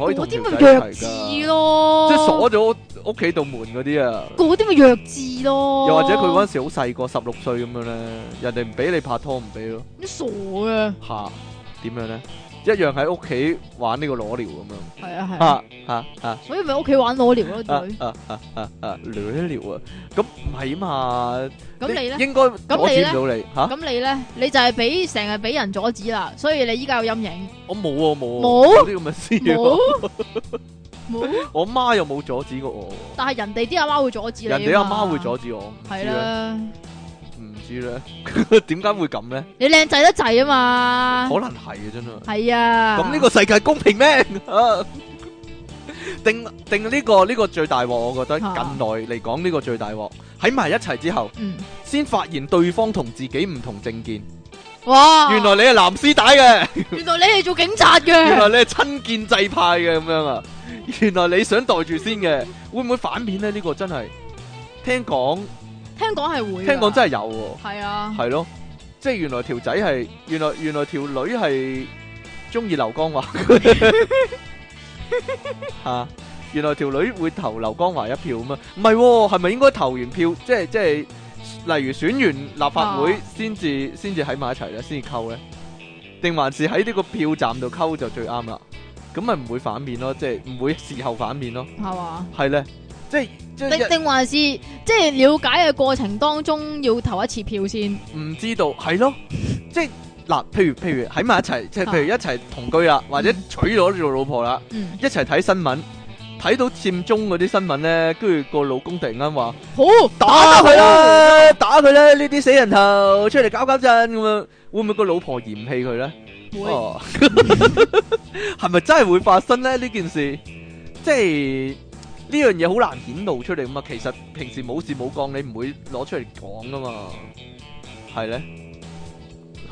嗰啲咪弱智咯，即係鎖咗屋企度門嗰啲啊，嗰啲咪弱智咯。又或者佢嗰陣時好細個，十六歲咁樣咧，人哋唔俾你拍拖，唔俾咯。你傻嘅吓？點 樣咧？一樣喺屋企玩呢個裸聊咁樣，係啊係啊啊啊！所以咪屋企玩裸聊咯，對啊啊啊啊！裸聊啊，咁唔係嘛？咁你咧應該我見唔到你吓？咁你咧，你就係俾成日俾人阻止啦，所以你依家有陰影。我冇我冇冇啲咁嘅私密，冇。我媽又冇阻止過我。但係人哋啲阿媽會阻止你，人哋阿媽會阻止我，係啦。點解 會咁呢？你靚仔得滯啊嘛？可能係啊，真係。係啊。咁呢個世界公平咩？ 定定、呢、呢個呢、呢個最大鑊，我覺得近來嚟講呢個最大鑊，喺埋、啊、一齊之後，嗯、先發現對方同自己唔同政見。哇！原來你係藍絲帶嘅。 原來你係做警察嘅。原來你係親建制派嘅咁樣啊？原來你想待住先嘅，會唔會反面呢？呢、呢個真係聽講。聽講係會，聽講真係有、哦，係是啊，係咯，即係原來條仔係，原來原來條女係中意劉江華，吓，原來條女會投劉江華一票啊？嘛、哦，唔係，係咪應該投完票，即係即係，例如選完立法會先至先至喺埋一齊咧，先至溝咧，定還是喺呢個票站度溝就最啱啦？咁咪唔會反面咯，即係唔會事後反面咯，係嘛吧，係咧。即係定定還是即係了解嘅過程當中要投一次票先？唔知道係咯，即係嗱，譬如譬如喺埋一齊，即係譬如一齊同居啦，啊、或者娶咗呢做老婆啦，嗯、一齊睇新聞，睇到佔中嗰啲新聞咧，跟住個老公突然間話：好，打下佢啦，打佢啦，呢啲、啊、死人頭出嚟搞搞震咁樣！會唔會個老婆嫌棄佢咧？會，係咪真係會發生咧呢件事？即係。呢樣嘢好難顯露出嚟噶嘛，其實平時冇事冇講，你唔會攞出嚟講噶嘛，係咧，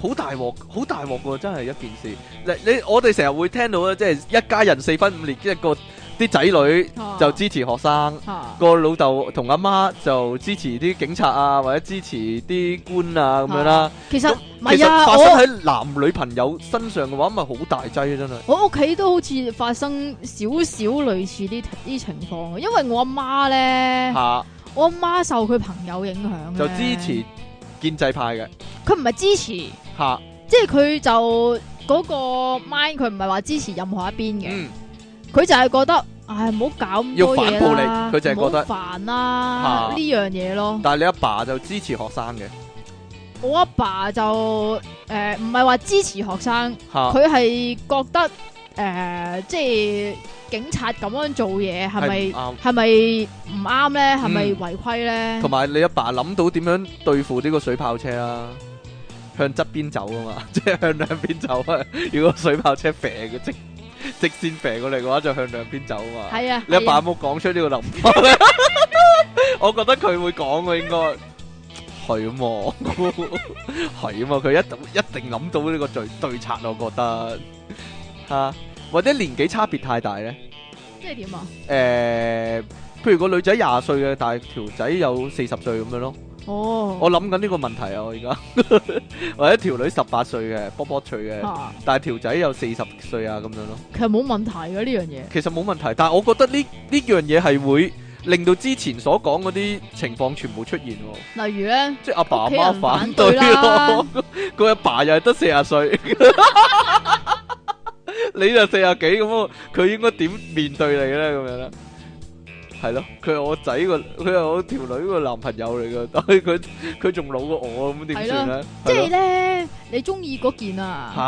好大鑊，好大鑊噶啊，真係一件事。嗱，你我哋成日會聽到咧，即係一家人四分五裂，即係一個。啲仔女就支持學生，啊、個老豆同阿媽就支持啲警察啊，或者支持啲官啊咁、啊、樣啦、啊。其實唔係又啊，發生喺男女朋友身上嘅話，咪好我大劑，啊、真係。我屋企都好似發生少少類似啲啲情況，因為我阿媽咧，啊、我阿媽受佢朋友影響就支持建制派嘅。佢唔係支持嚇，啊、即係佢就嗰個 mind，佢唔係話支持任何一邊嘅。嗯。佢就係覺得，唉，唔好搞咁多嘢啦，要反暴力，佢就係覺得煩啦呢、啊、樣嘢咯。但係你阿爸，爸就支持學生嘅。我阿爸，爸就誒，唔係話支持學生，佢係、啊、覺得誒、呃，即係警察咁樣做嘢，係咪係咪唔啱咧？係咪違規咧？同埋、嗯、你阿爸諗到點樣對付呢個水炮車啊？向側邊走啊嘛，即係向兩邊走啊！ 如果水炮車射嘅即。直線肥過嚟嘅話就向兩邊走嘛啊！係啊，你阿爸冇講出呢個諗法， 我覺得佢會講嘅應該，係咁嘛，係啊嘛，佢一一定諗到呢個對對策，我覺得吓， 或者年紀差別太大咧，即係點啊？誒、欸，譬如個女仔廿歲嘅，但係條仔有四十歲咁樣咯。哦，oh. 我諗緊呢個問題啊，我而家或者條女十八歲嘅卜卜脆嘅，哈但係條仔有四十歲啊咁樣咯。其實冇問題嘅呢樣嘢，其實冇問題，但係我覺得呢呢樣嘢係會令到之前所講嗰啲情況全部出現。例如咧，即係阿爸阿媽反對咯，個阿爸又係得四十歲，你就四十幾咁，佢應該點面對你咧咁樣咧？係咯，佢係我仔個，佢係我條女個男朋友嚟噶，但係佢佢仲老過我，咁點算咧？即係咧，你中意嗰件啊？吓，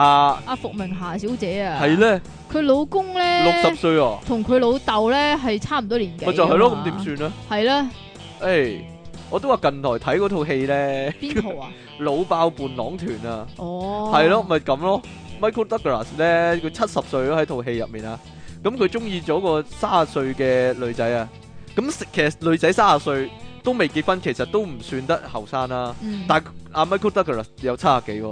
阿伏明霞小姐啊？係咧，佢老公咧六十歲哦，同佢老豆咧係差唔多年紀。咪就係咯，咁點算咧？係咧，誒，我都話近來睇嗰套戲咧，邊套啊？老爆伴郎團啊？哦，係咯，咪咁咯，Michael Douglas 咧，佢七十歲咯喺套戲入面啊。咁佢中意咗個三十歲嘅女仔啊！咁其實女仔三十歲都未結婚，其實都唔算得後生啦。嗯、但係阿 Michael Douglas 有七十幾，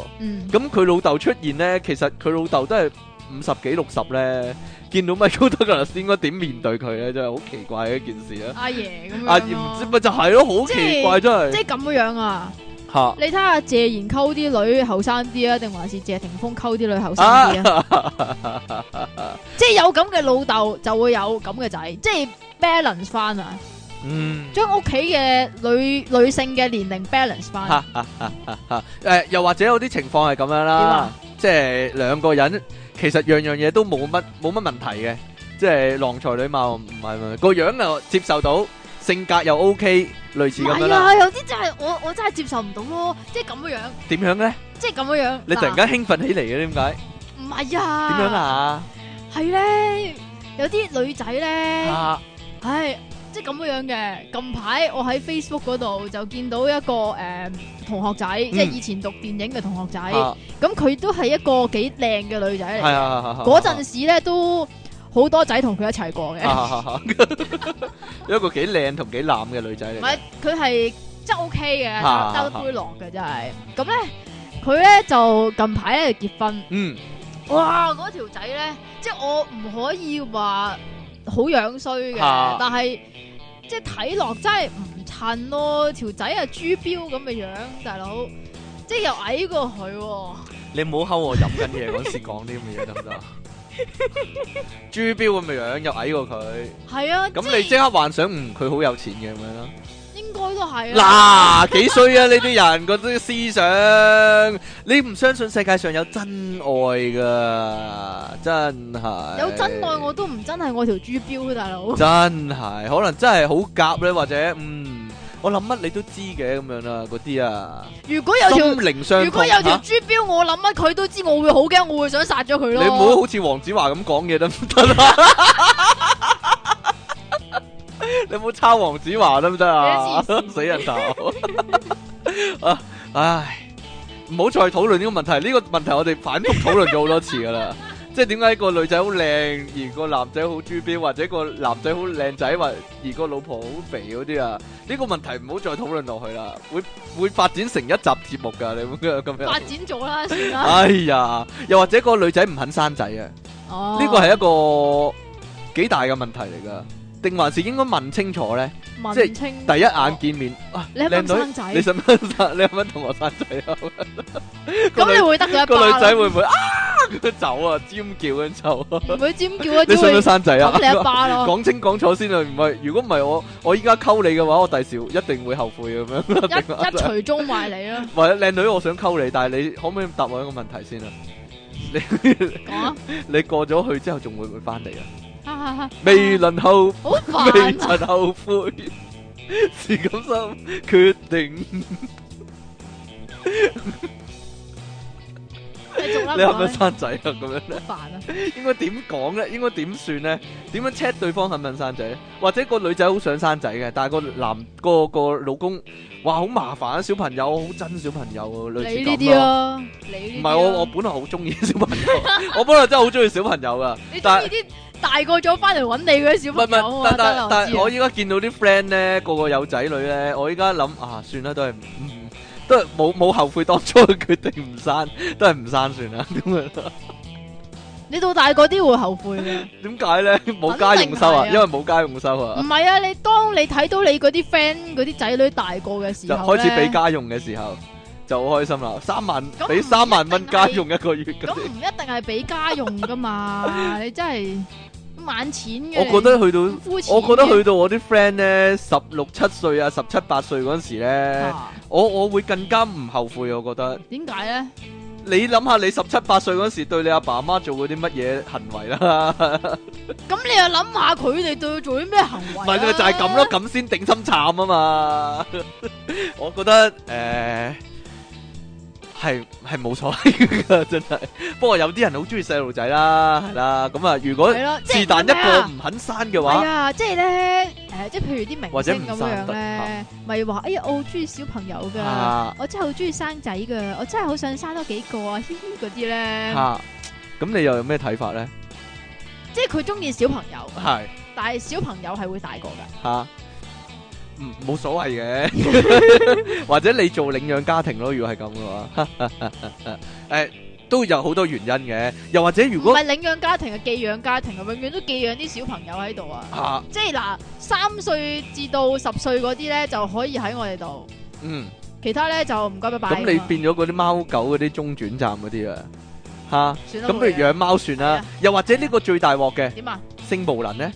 咁佢老豆出現咧，其實佢老豆都係五十幾六十咧。見到 Michael Douglas 應該點面對佢咧？真係好奇怪嘅一件事啊。阿爺阿爺唔知咪就係咯，好奇怪真係。即係咁嘅樣啊！是 你睇下謝賢溝啲女後生啲啊，定還是謝霆鋒溝啲女後生啲啊？ 即係有咁嘅老豆就會有咁嘅仔，即係 balance 翻啊！嗯、啊，將屋企嘅女女性嘅年齡 balance 翻。誒、啊啊啊，又或者有啲情況係咁樣啦，樣啊、即係兩個人其實樣樣嘢都冇乜冇乜問題嘅，即係郎才女貌唔係咪個樣又接受到？性格又 OK，類似咁樣啦。係啊，有啲真係我我真係接受唔到咯，即係咁樣樣。點樣咧？即係咁樣樣。你突然間興奮起嚟嘅，點解？唔係啊。點樣啊？係咧，有啲女仔咧，係即係咁樣樣嘅。近排我喺 Facebook 度就見到一個誒、嗯、同學仔，嗯、即係以前讀電影嘅同學仔。咁佢、啊、都係一個幾靚嘅女仔嚟嘅。嗰陣、啊、時咧都。好多仔同佢一齊過嘅，一個幾靚同幾靚嘅女仔嚟。唔係，佢係真係 OK 嘅，兜杯落嘅真係。咁咧，佢咧就近排咧就結婚。嗯，啊、哇，嗰條仔咧，即係我唔可以話好、啊哦、樣衰嘅，但係即係睇落真係唔襯咯。條仔啊，豬標咁嘅樣，大佬，即係又矮過佢，哦。你唔好喺我飲緊嘢嗰時講啲咁嘅嘢得唔得啊？ 豬標咁嘅樣又矮過佢，係啊。咁你即刻幻想，唔，佢好有錢嘅咁樣咯。應該都係。嗱、啊，幾衰啊，呢啲人個啲思想，你唔相信世界上有真愛噶，嗯、真係。有真愛我都唔真係愛條豬標，大佬。真係，可能真係好夾咧，或者嗯。我諗乜你都知嘅咁樣啦，嗰啲啊。如果有條如果有條豬標，啊、我諗乜佢都知我會好驚，我會想殺咗佢咯。你唔好好似黃子華咁講嘢得唔得啊？你唔好抄黃子華得唔得啊？死人頭 唉！唉，唔好再討論呢個問題。呢、呢個問題我哋反復討論咗好多次噶啦。 即係點解個女仔好靚，而個男仔好豬彪，或者個男仔好靚仔，或而個老婆好肥嗰啲啊？呢、這個問題唔好再討論落去啦，會會發展成一集節目㗎。你會咁樣發展咗啦。 哎呀，又或者個女仔唔肯生仔啊？呢個係一個幾大嘅問題嚟㗎。定還是應該問清楚咧，青即係第一眼見面，哦、哇你係乜生仔？你什乜生？你係乜同學生仔啊？嗰個女仔會唔會啊？咁走啊？尖叫咁走啊？唔會尖叫啊，你信咗生仔啊？講你一巴 講清講楚先啊！唔係，如果唔係我我依家溝你嘅話，我第時一定會後悔咁樣， 一一錘中埋你咯。或者靚女，我想溝你， 但係你可唔可以答我一個問題先啊？你講、啊、 你過咗去之後會會，仲會唔會翻嚟啊？未能後，未曾後悔，是咁心決定。你係咪生仔啊？咁樣咧，應該點講咧？應該點算咧？點樣 check 對方係咪生仔？或者個女仔好想生仔嘅，但係個男個個老公哇，好麻煩啊！小朋友好憎小朋友，類似咁樣。你呢啲啊？你唔係我，我本來好中意小朋友，我本來真係好中意小朋友噶。你中意啲？大個咗翻嚟揾你嘅小朋友啊！但不說但但，我依家見到啲 friend 咧，個個有仔女咧，我依家諗啊，算啦，都係，嗯，都係冇冇後悔當初嘅決定，唔生，都係唔生算啦。咁 你到大個啲會後悔咧？點解咧？冇家用收啊！因為冇家用收啊！唔係啊！你當你睇到你嗰啲 friend 嗰啲仔女大個嘅時候咧，就開始俾家用嘅時候就好開心啦！三萬，俾三萬蚊家用一個月咁，唔一定係俾家用噶嘛？ 你真係。錢嘅，我覺得去到，我覺得去到我啲 friend 咧，十六七歲啊，十七八歲嗰時咧，我我會更加唔後悔，我覺得。點解咧？你諗下你十七八歲嗰時對你阿爸阿媽做過啲乜嘢行為啦？咁 你又諗下佢哋對佢做啲咩行為，啊？唔係就係咁咯，咁先頂心慘啊嘛！ 我覺得誒。呃.係係冇錯噶，真係。 不過有啲人好中意細路仔啦，係 啦。咁啊，如果是但啦一個唔麼肯生嘅話，係啊，即係咧，誒、呃，即係譬如啲明星咁樣咧，咪話、啊、哎呀，我好中意小朋友噶，我真係好中意生仔噶，我真係好想生多幾個啊，嘻嘻嗰啲咧。吓、啊，咁你又有咩睇法咧？即係佢中意小朋友，係，但係小朋友係會大個噶，吓、啊。唔，冇所謂嘅，或者你做領養家庭咯，如果係咁嘅話，誒都有好多原因嘅，又或者如果唔係領養家庭嘅寄養家庭啊，永遠都寄養啲小朋友喺度啊，即係嗱三歲至到十歲嗰啲咧就可以喺我哋度，嗯，其他咧就唔該拜拜。咁你變咗嗰啲貓狗嗰啲中轉站嗰啲啊，吓，咁咪養貓算啦，又或者呢個最大鑊嘅點啊？性無能咧，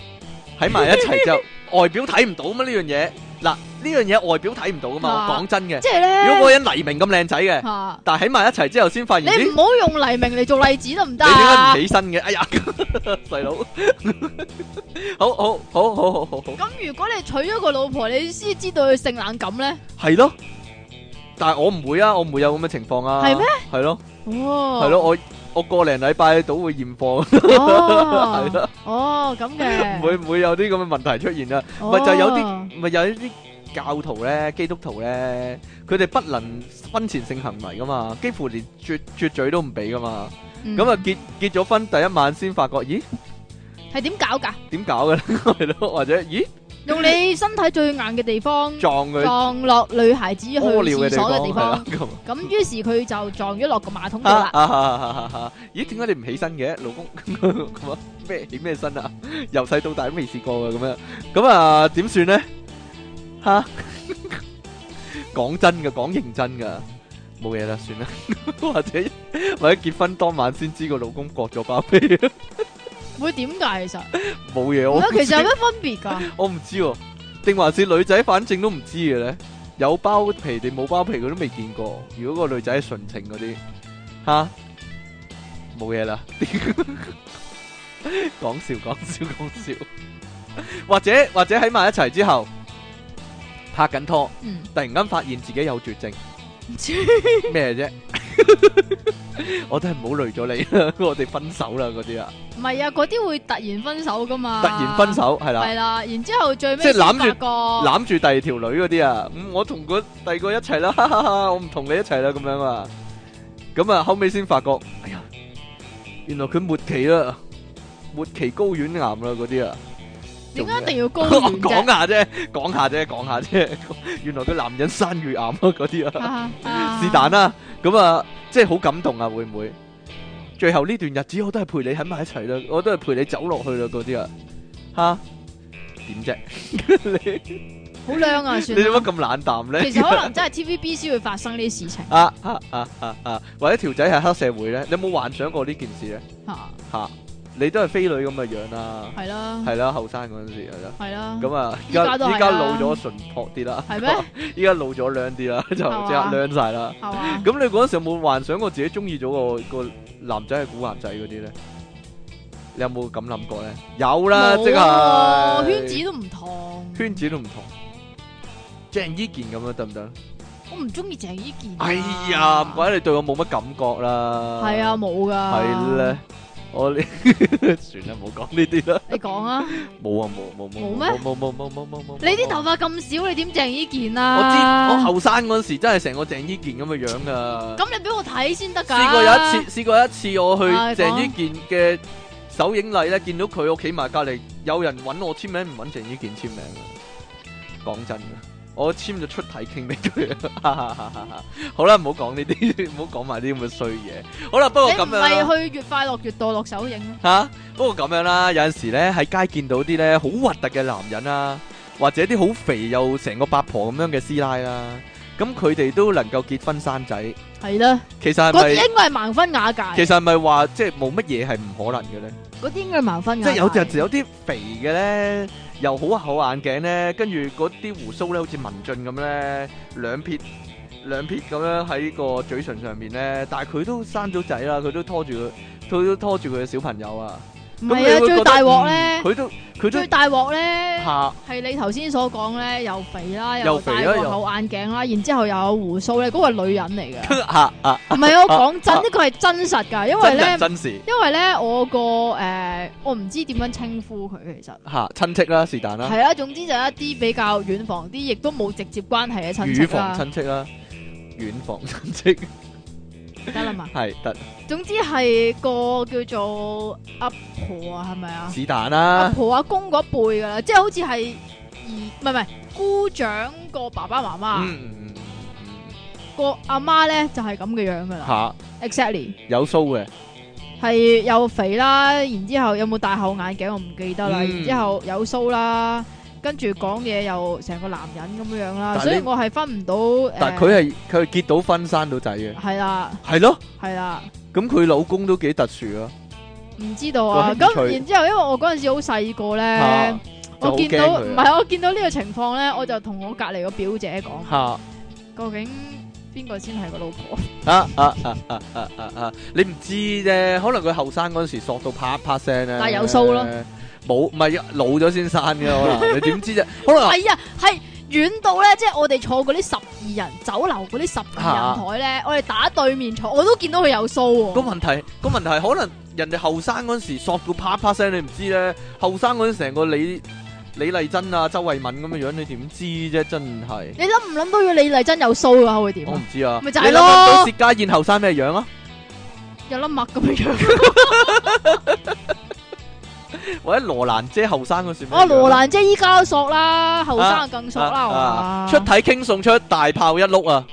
喺埋一齊就外表睇唔到咩呢樣嘢？嗱，呢樣嘢外表睇唔到噶嘛，我講真嘅。即係咧，如果個人黎明咁靚仔嘅，但係起埋一齊之後先發現。你唔好用黎明嚟做例子都唔得啊！你點解唔起身嘅，哎呀，細佬，好好好好好好。咁如果你娶咗個老婆，你先知道佢性冷感咧？係咯，但係我唔會啊，我唔會有咁嘅情況啊。係咩？係咯，哦，係咯，我。我個零禮拜都會驗貨，係咯，哦咁嘅，唔會唔會有啲咁嘅問題出現啊？咪就有啲咪有一啲教徒咧，基督徒咧，佢哋不能婚前性行為噶嘛，幾乎連絕絕嘴都唔俾噶嘛，咁啊結結咗婚第一晚先發覺，咦，係點搞噶？點搞嘅係咯，或者咦？用你身體最硬嘅地方撞佢，撞落女孩子去廁所嘅地方。咁，咁於是佢就撞咗落個馬桶度啦。啊啊啊啊啊！咦，點解你唔起身嘅，老公？咁啊咩起咩身啊？由細到大都未試過嘅咁樣。咁啊，點算呢？吓，講真噶，講認真噶，冇嘢啦，算啦。或者或者結婚當晚先知個老公割咗包皮。會點解？其實冇嘢， 我 其實有乜分別噶？ 我唔知、啊，定還是女仔，反正都唔知嘅咧。有包皮定冇包皮，我都未見過。如果個女仔純情嗰啲，吓冇嘢啦。講， 笑，講笑，講笑， 或。或者或者喺埋一齊之後拍緊拖，突然間發現自己有絕症，唔知， 咩啫？ 我都係唔好累咗你了， 我哋分手啦嗰啲啊，唔係啊，嗰啲會突然分手噶嘛，突然分手係啦，係啦，然之後最尾即係攬住個攬住第二條女嗰啲啊，咁我同佢第二個一齊啦， 我唔同你一齊啦咁樣啊，咁啊後尾先發覺，哎呀，原來佢末期啦，末期睾丸癌啦嗰啲啊。點解一定要高年人？講下啫，講下啫，講下啫。原來個男人生血癌啊，啊， 便吧 啊，嗰啲啊，是但啦。咁啊，即係好感動啊，會唔會？最後呢段日子我都係陪你喺埋一齊啦，我都係陪你走落去啦，嗰啲啊，吓點啫？ 你，好靚啊！算你做乜咁冷淡咧？其實可能真係 TVB 先會發生呢啲事情啊。啊啊啊啊！或者條仔係黑社會咧？你有冇幻想過呢件事咧？吓吓、啊。啊你都係飛女咁嘅樣啦，係啦，係啦，後生嗰陣時係啦，係啦，咁啊，依家依家老咗純樸啲啦，係咩？依家老咗靚啲啦，就即刻靚晒啦。咁你嗰陣時有冇幻想過自己中意咗個個男仔係古惑仔嗰啲咧？你有冇咁諗過咧？有啦，即係圈子都唔同，圈子都唔同，鄭伊健咁樣得唔得？我唔中意鄭伊健。哎呀，唔怪得你對我冇乜感覺啦。係啊，冇噶。係咧。我 你算啦，冇講呢啲啦。你講啊？冇 啊，冇冇冇冇冇冇冇冇冇冇。你啲頭髮咁少，有你點鄭伊健啊？我知，我後生嗰時真係成個鄭伊健咁嘅樣噶、啊。咁你俾我睇先得噶。試過有一次，試過一次我去鄭伊健嘅首映禮咧，見、啊、到佢我企埋隔籬，有人揾我簽名，唔揾鄭伊健簽名啊。講真噶。我簽咗出體 king 俾佢。好啦，唔好講呢啲，唔好講埋啲咁嘅衰嘢。好啦，不過你唔係去越快樂越墮落手影。吓，不過咁樣啦，有陣時咧喺街見到啲咧好核突嘅男人啊，或者啲好肥又成個八婆咁樣嘅師奶啦，咁佢哋都能夠結婚生仔。係啦，其實係咪？嗰啲應該係盲婚啞嫁。其實係咪話即係冇乜嘢係唔可能嘅咧？嗰啲應該盲婚啞嫁。即係有陣時有啲肥嘅咧。又好厚眼鏡咧，跟住嗰啲鬍鬚咧，好似文俊咁咧，兩撇兩撇咁樣喺個嘴唇上面咧，但係佢都生咗仔啦，佢都拖住佢，佢都拖住佢嘅小朋友啊！唔係啊，最大鑊咧，佢都佢最大鑊咧，係你頭先所講咧，又肥啦，又戴帽，有眼鏡啦，然之後又有鬍鬚咧，嗰個女人嚟嘅。吓吓，唔係我講真，呢個係真實噶，因為咧，真實，因為咧，我個誒，我唔知點樣稱呼佢，其實吓親戚啦，是但啦，係啊，總之就一啲比較遠房啲，亦都冇直接關係嘅親戚啦，遠房親戚啦，遠房親戚。得啦嘛，係得。 行總之係個叫做阿婆啊，係咪啊？子彈啦，阿婆阿公嗰輩噶啦，即係好似係二，唔係唔係姑丈個爸爸媽媽，嗯、個阿媽咧就係咁嘅樣噶啦。吓哈，exactly 有鬚嘅，係又肥啦，然之後有冇戴厚眼鏡我唔記得、嗯、然後有啦，然之後有鬚啦。跟住講嘢又成個男人咁樣啦，所以我係分唔到。但係佢係佢係結到婚生到仔嘅。係啦。係咯。係啦。咁佢老公都幾特殊啊？唔知道啊。咁然之後，因為我嗰陣時好細個咧，我見到唔係我見到呢個情況咧，我就同我隔籬個表姐講，究竟邊個先係個老婆？啊啊啊啊啊啊！你唔知啫，可能佢後生嗰陣時索到啪啪聲咧，但係有數咯。冇，唔係老咗先生嘅，可能 你點知啫？可能係啊，係遠到咧，即係我哋坐嗰啲十二人酒樓嗰啲十二人台咧，啊、我哋打對面坐，我都見到佢有須喎。個問題，個問題可能人哋後生嗰陣時索到啪啪聲你，你唔知咧。後生嗰陣成個李李麗珍啊，周慧敏咁嘅樣，你點知啫？真係你諗唔諗到要李麗珍有須嘅話會點？我唔知啊，咪就係咯，咯。你諗唔諗薛家燕後生咩樣啊？有粒麥咁嘅樣。 或者羅蘭姐後生嗰時，哦羅蘭姐依家都索啦，後生更索啦。出體 King 送出大炮一碌啊！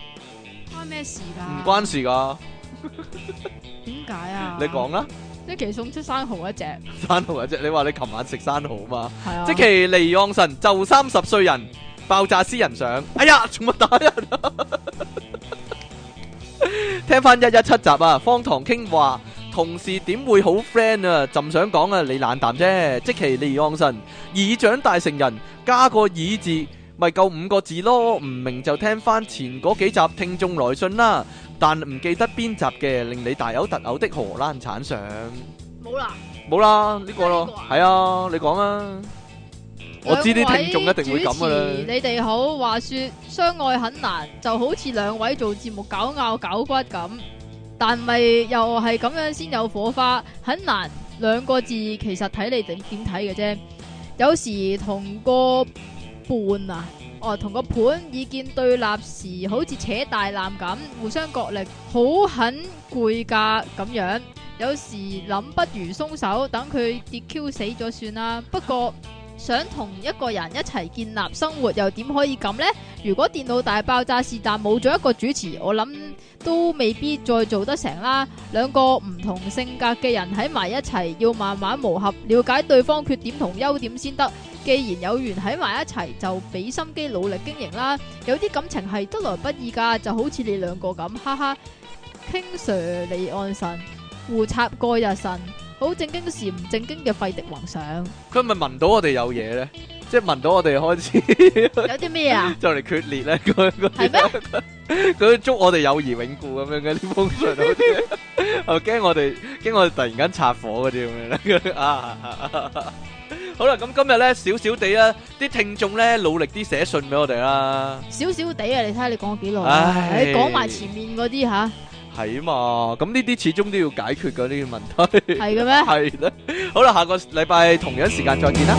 關咩事噶？唔關事噶。點 解啊？你講啦。積淇送出生蠔一隻。生蠔一隻，你話你琴晚食生蠔嘛？啊、積淇離岸神就三十歲人爆炸私人相。哎呀，做乜打人，啊。 聽翻一一七集啊，方唐傾話。 同事點會好 friend 啊？朕想講啊，你冷淡啫，即其你安神，已長大成人，加個已字，咪夠五個字咯？唔明就聽翻前嗰幾集聽眾來信啦。但唔記得邊集嘅，令你大嘔特嘔的荷蘭鏟相。冇啦，冇啦，呢個咯，係啊，你講啊，我知啲聽眾一定會咁噶啦。你哋好，話說相愛很難，就好似兩位做節目搞拗搞骨咁。但咪又係咁樣先有火花。很難兩個字，其實睇你點點睇嘅啫。有時同個伴啊，哦同個伴意見對立時，好似扯大纜咁，互相角力，好很攰噶咁樣。有時諗不如鬆手，等佢跌 Q 死咗算啦。不過，想同一個人一齊建立生活，又點可以咁呢？如果電腦大爆炸是但冇咗一個主持，我諗都未必再做得成啦。兩個唔同性格嘅人喺埋一齊，要慢慢磨合，了解對方缺點同優點先得。既然有緣喺埋一齊，就俾心機努力經營啦。有啲感情係得來不易㗎，就好似你兩個咁，哈哈，傾 Sir 嚟安神，互插過日神。好正經時，唔正經嘅廢敵皇上。佢係咪聞到我哋有嘢咧，即係聞到我哋開始有啲咩啊？就嚟決裂咧！佢係咩？佢祝我哋友誼永固咁樣嘅呢封信，好驚我哋驚我哋突然間拆火嗰啲咁樣咧。啊！好啦，咁今日咧少少地啊，啲聽眾咧努力啲寫信俾我哋啦。少少地啊，你睇下你講咗幾耐啊？你講埋前面嗰啲吓。係啊嘛，咁呢啲始終都要解決嘅呢個問題。係嘅咩？係啦，好啦，下個禮拜同樣時間再見啦。